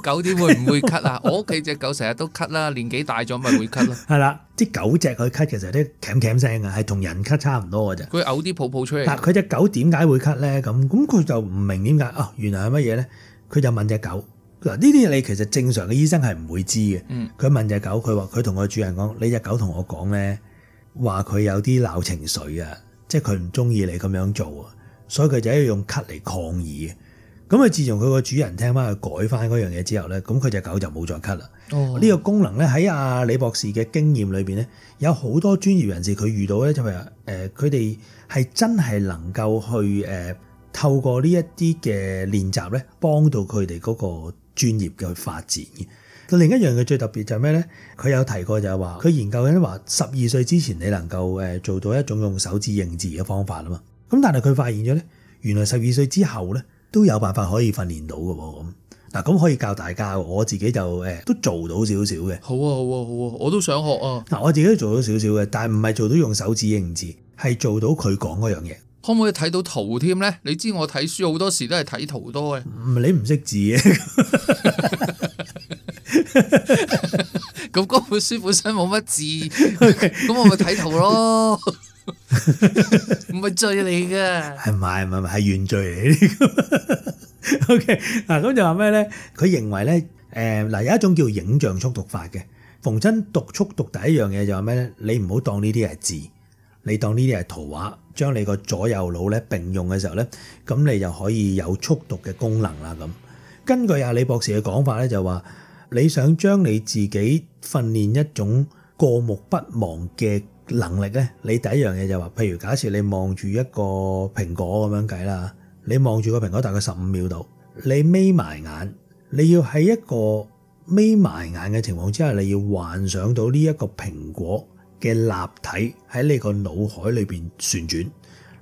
狗點會唔會咳啊？ 我屋企隻狗成日都咳啦，年紀大咗咪會咳咯。係啦， 啲狗隻佢咳其實啲咳咳聲啊，係同人咳，咳差唔多噶咋。佢嘔啲泡泡出嚟。但佢隻狗點解會咳咧？咁咁佢就唔明點解。啊，原來係乜嘢咧？佢就問隻狗。嗱，呢啲嘢你其實正常嘅醫生係唔會知嘅。佢、嗯、問隻狗，佢話佢同個主人講：你隻狗同我講咧，話佢有啲鬧情緒啊，即係佢唔中意你咁樣做啊，所以佢就要用咳嚟抗議。咁佢自從佢個主人聽翻佢改翻嗰樣嘢之後咧，咁佢隻狗就冇再咳啦。呢、哦、個功能咧喺阿李博士嘅經驗裏面咧，有好多專業人士佢遇到咧就係、呃、佢哋係真係能夠去、呃、透過呢一啲嘅練習咧，幫到佢哋嗰個。專業嘅發展嘅，另一樣嘅最特別就係咩呢？佢有提過就係話，佢研究緊話，十二歲之前你能夠誒做到一種用手指認字嘅方法啊嘛。咁但係佢發現咗呢，原來十二歲之後呢都有辦法可以訓練到嘅喎。咁嗱，咁可以教大家，我自己就誒都做到少少嘅。好啊，好啊，好啊，我都想學啊。嗱，我自己都做到少少嘅，但係唔係做到用手指認字，係做到佢講嗰樣嘢。可唔可以睇到圖添咧？你知我睇書好多時都係睇圖多嘅。唔，你唔識字嘅。咁嗰本書本身冇乜字，咁 Okay. 我咪睇圖咯。唔係 罪你噶。係咪？係咪？係原罪嚟嘅 O K 嗱，咁就話咩咧？佢認為咧，誒、呃、嗱有一種叫影像速讀法嘅。逢親讀速讀第一樣嘢就係咩咧？你唔好當呢啲係字。你當呢啲係圖畫，將你個左右腦咧並用嘅時候咧，咁你就可以有速讀嘅功能啦。咁根據阿李博士嘅講法咧，就話你想將你自己訓練一種過目不忘嘅能力咧，你第一樣嘢就話、是，譬如假設你望住一個蘋果咁樣計啦，你望住個蘋果大概十五秒度，你眯埋眼，你要喺一個眯埋眼嘅情況之下，你要幻想到呢一個蘋果。嘅立體喺你個腦海裏邊旋轉，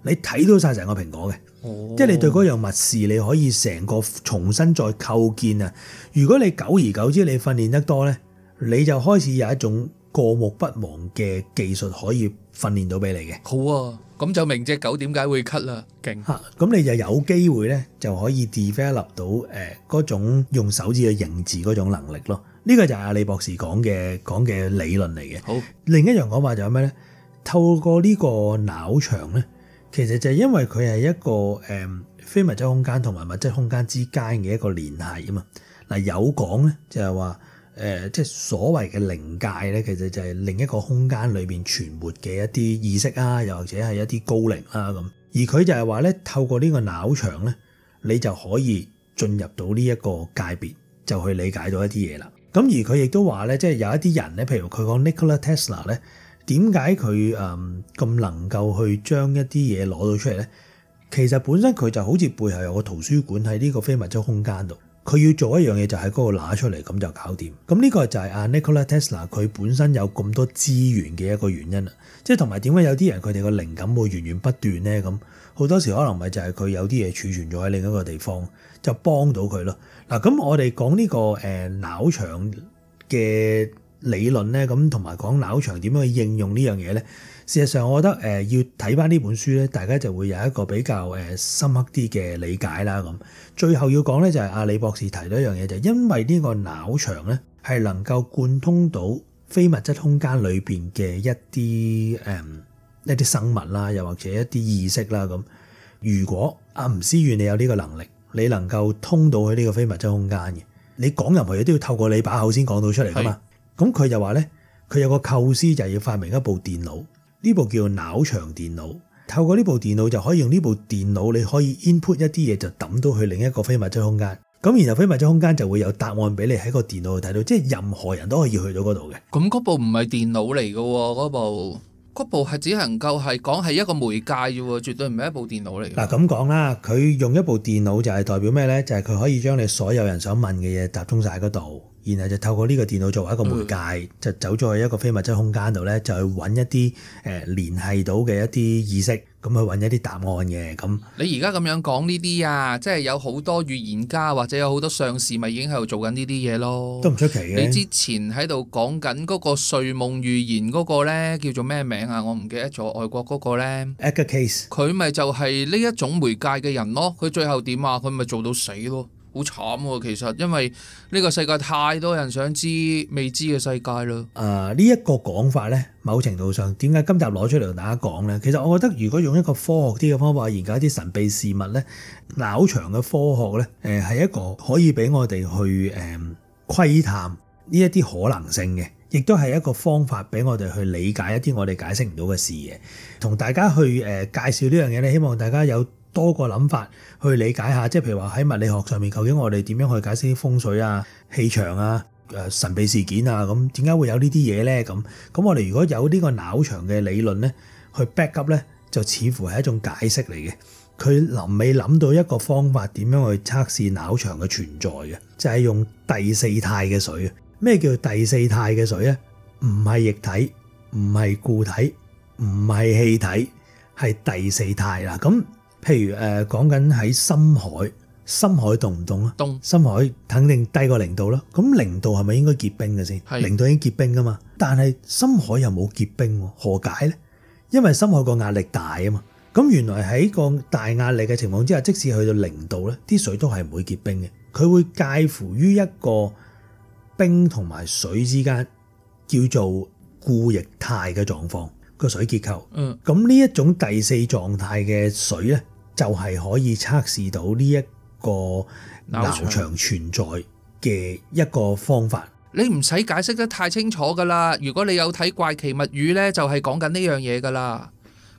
你睇到晒成個蘋果嘅，oh. 即係你對嗰樣物事，你可以成個重新再構建啊！如果你久而久之你訓練得多呢，你就開始有一種過目不忘嘅技術可以訓練到俾你嘅。好啊，咁就明隻狗點解會咳 u t 啦，勁吓！咁、啊、你就有機會呢，就可以 develop 到誒嗰、呃、種用手指去認字嗰種能力咯。呢個就係阿李博士講嘅講嘅理論嚟嘅。好，另一樣講法就係咩呢？透過呢個撓場呢，其實就係因為佢係一個誒非物質空間同埋物質空間之間嘅一個聯繫啊嘛。嗱有講呢、呃，就係話誒，即係所謂嘅靈界呢，其實就係另一個空間裏邊存活嘅一啲意識啊，又或者係一啲高靈啦咁。而佢就係話呢透過呢個撓場呢，你就可以進入到呢一個界別，就去理解到一啲嘢啦。咁而佢亦都話咧，即係有一啲人咧，譬如佢講 Nikola Tesla 咧，點解佢誒咁能夠去將一啲嘢攞到出嚟咧？其實本身佢就好似背後有個圖書館喺呢個非物質空間度，佢要做一樣嘢就喺嗰度拿出嚟，咁就搞掂。咁、這、呢個就係阿 Nikola Tesla 佢本身有咁多資源嘅一個原因啦。即係同埋點解有啲人佢哋個靈感會源源不斷咧？咁好多時可能咪就係佢有啲嘢儲存咗喺另一個地方，就幫到佢咯。嗱，咁我哋講呢個誒撓場嘅理論咧，咁同埋講撓場點樣去應用呢樣嘢咧，事實上我覺得誒要睇返呢本書咧，大家就會有一個比較誒深刻啲嘅理解啦。咁最後要講咧，就係阿李博士提到一樣嘢，就係因為呢個撓場咧係能夠貫通到非物質空間裏面嘅一啲誒、嗯、一啲生物啦，又或者一啲意識啦咁。如果阿吳思遠你有呢個能力。你能夠通到去呢個非物質空間嘅，你講任何嘢都要透過你把口先講到出嚟噶嘛。咁佢是就話呢，佢有個構思，就要發明一部電腦，呢部叫撓場電腦。透過呢部電腦就可以用呢部電腦，你可以 input 一啲嘢就揼到去另一個非物質空間。咁然後非物質空間就會有答案俾你喺個電腦度睇到，即係任何人都可以去到嗰度嘅。咁嗰部唔係電腦嚟噶喎，嗰部。嗰部係只能夠係講係一個媒介啫喎，絕對唔係一部電腦嚟。嗱，咁講啦，佢用一部電腦就係代表咩咧？就係、是、佢可以將你所有人想問嘅嘢集中曬喺嗰度，然後就透過呢個電腦作為一個媒介，嗯、就走咗去一個非物質空間度咧，就去揾一啲誒聯繫到嘅一啲意識。咁去揾一啲答案嘅，咁你而家咁樣講呢啲啊，即係有好多預言家或者有好多上師，咪已經喺度做緊呢啲嘢咯，都唔出奇嘅。你之前喺度講緊嗰個睡夢預言嗰個呢，叫做咩名啊？我唔記得咗，外國嗰個呢，Cayce 佢咪就係呢一種媒介嘅人咯，佢最後點啊？佢咪做到死咯。好慘喎，其實因為呢個世界太多人想知未知嘅世界咯。誒呢一個講法呢，某程度上點解今集攞出嚟同大家講呢？其實我覺得如果用一個科學啲嘅方法研究一啲神秘事物呢，嗱撓場嘅科學呢，誒係一個可以俾我哋去誒窺、嗯、探呢一啲可能性嘅，亦都係一個方法俾我哋去理解一啲我哋解釋唔到嘅事嘅，同大家去誒、呃、介紹呢樣嘢呢，希望大家有多個諗法去理解下，即係譬如話喺物理學上面，究竟我哋點樣去解釋啲風水啊、氣場啊、誒神秘事件啊？咁點解會有這些呢啲嘢咧？咁咁我哋如果們有呢個撓場嘅理論咧，去 back up 咧，就似乎係一種解釋嚟嘅。佢臨尾諗到一個方法，點樣去測試撓場嘅存在嘅，就係、是、用第四態嘅水。咩叫第四態嘅水咧？唔係液體，唔係固體，唔係氣體，係第四態啦。咁譬如誒講緊喺深海，深海凍唔凍啊？凍深海肯定低過零度啦。咁零度係咪應該結冰嘅先？是零度已經結冰噶嘛。但係深海又冇結冰，何解呢？因為深海個壓力大啊嘛。咁原來喺個大壓力嘅情況之下，即使去到零度呢，啲水都係唔會結冰嘅。佢會介乎於一個冰同埋水之間，叫做固液態嘅狀況。個水結構。嗯。咁呢一種第四狀態嘅水呢。就係可以測試到呢一個撓場存在嘅一個方法。你唔使解釋得太清楚噶啦。如果你有睇怪奇物語呢，就係講緊呢樣嘢噶啦。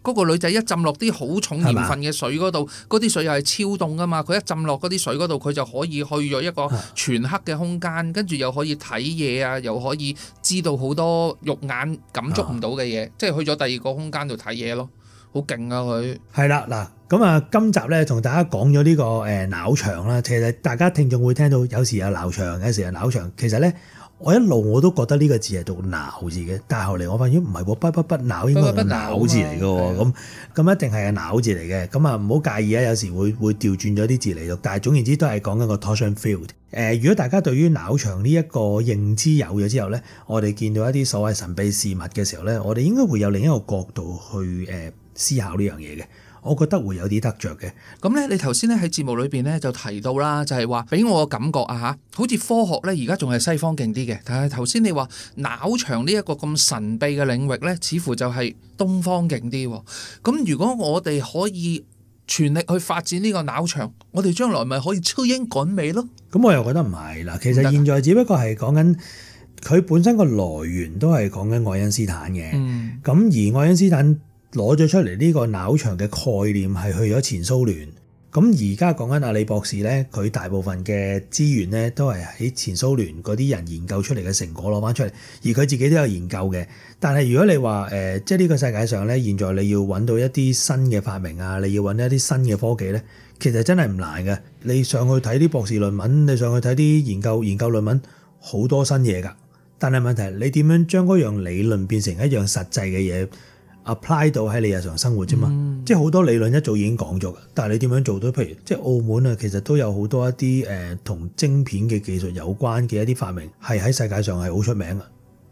嗰、那個女仔一浸落啲好重鹽分嘅水嗰度，嗰啲吧水又係超凍噶嘛。佢一浸落嗰啲水嗰度，佢就可以去咗一個全黑嘅空間，跟住、啊、又可以睇嘢啊，又可以知道好多肉眼感觸唔到嘅嘢，啊、即係去咗第二個空間度睇嘢咯。好勁啊佢！係啦，嗱。咁啊，今集咧同大家講咗呢個誒撓場啦，其實大家聽眾會聽到有時有撓場，有時有撓場。其實咧，我一路我都覺得呢個字係讀鬧字嘅，但係後嚟我發現唔係喎，不不不鬧應該係鬧字嚟嘅喎。咁咁一定係鬧字嚟嘅。咁啊，唔好介意啊，有時會會調轉咗啲字嚟讀。但係總言之都，都係講緊個 torsion field。誒、呃，如果大家對於撓場呢一個認知有咗之後咧，我哋見到一啲所謂神秘事物嘅時候咧，我哋應該會有另一個角度去思考呢樣嘢嘅。我覺得會有啲得着嘅，咁咧，你頭先咧喺節目裏邊咧就提到啦，就係話俾我個感覺啊嚇，好似科學咧而家仲係西方勁啲嘅，但係頭先你話撓場呢一個咁神秘嘅領域咧，似乎就係東方勁啲喎。咁如果我哋可以全力去發展呢個撓場，我哋將來咪可以超英趕美咯？咁我又覺得唔係啦，其實現在只不過係講緊佢本身個來源都係講緊愛因斯坦嘅，咁、嗯、而愛因斯坦，攞咗出嚟呢個撓場嘅概念係去咗前蘇聯，咁而家講緊阿李博士呢，佢大部分嘅資源呢都係喺前蘇聯嗰啲人研究出嚟嘅成果攞翻出嚟，而佢自己都有研究嘅。但係如果你話、呃、即係呢個世界上呢，現在你要揾到一啲新嘅發明啊，你要揾一啲新嘅科技呢，其實真係唔難嘅。你上去睇啲博士論文，你上去睇啲研究研究論文，好多新嘢㗎。但係問題係你點樣將嗰樣理論變成一樣實際嘅嘢？Apply 到喺你日常生活啫嘛，即係好多理論一早已經講咗㗎。但係你點樣做到？譬如即係澳門啊，其實都有好多一啲誒同晶片嘅技術有關嘅一啲發明係喺世界上係好出名嘅，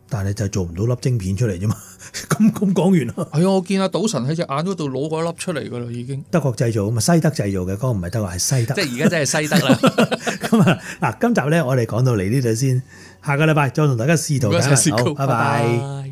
但係就做唔到粒晶片出嚟啫嘛。咁咁講完啦。係啊、哎，我見阿賭神喺隻眼嗰度攞嗰粒出嚟㗎啦，已經。德國製造啊嘛，西德製造嘅，嗰個唔係德國係西德。即係而家真係西德啦。咁啊，嗱，今集咧我哋講到嚟呢度先，下個禮拜再同大家試圖啦。謝謝好，拜拜。拜拜。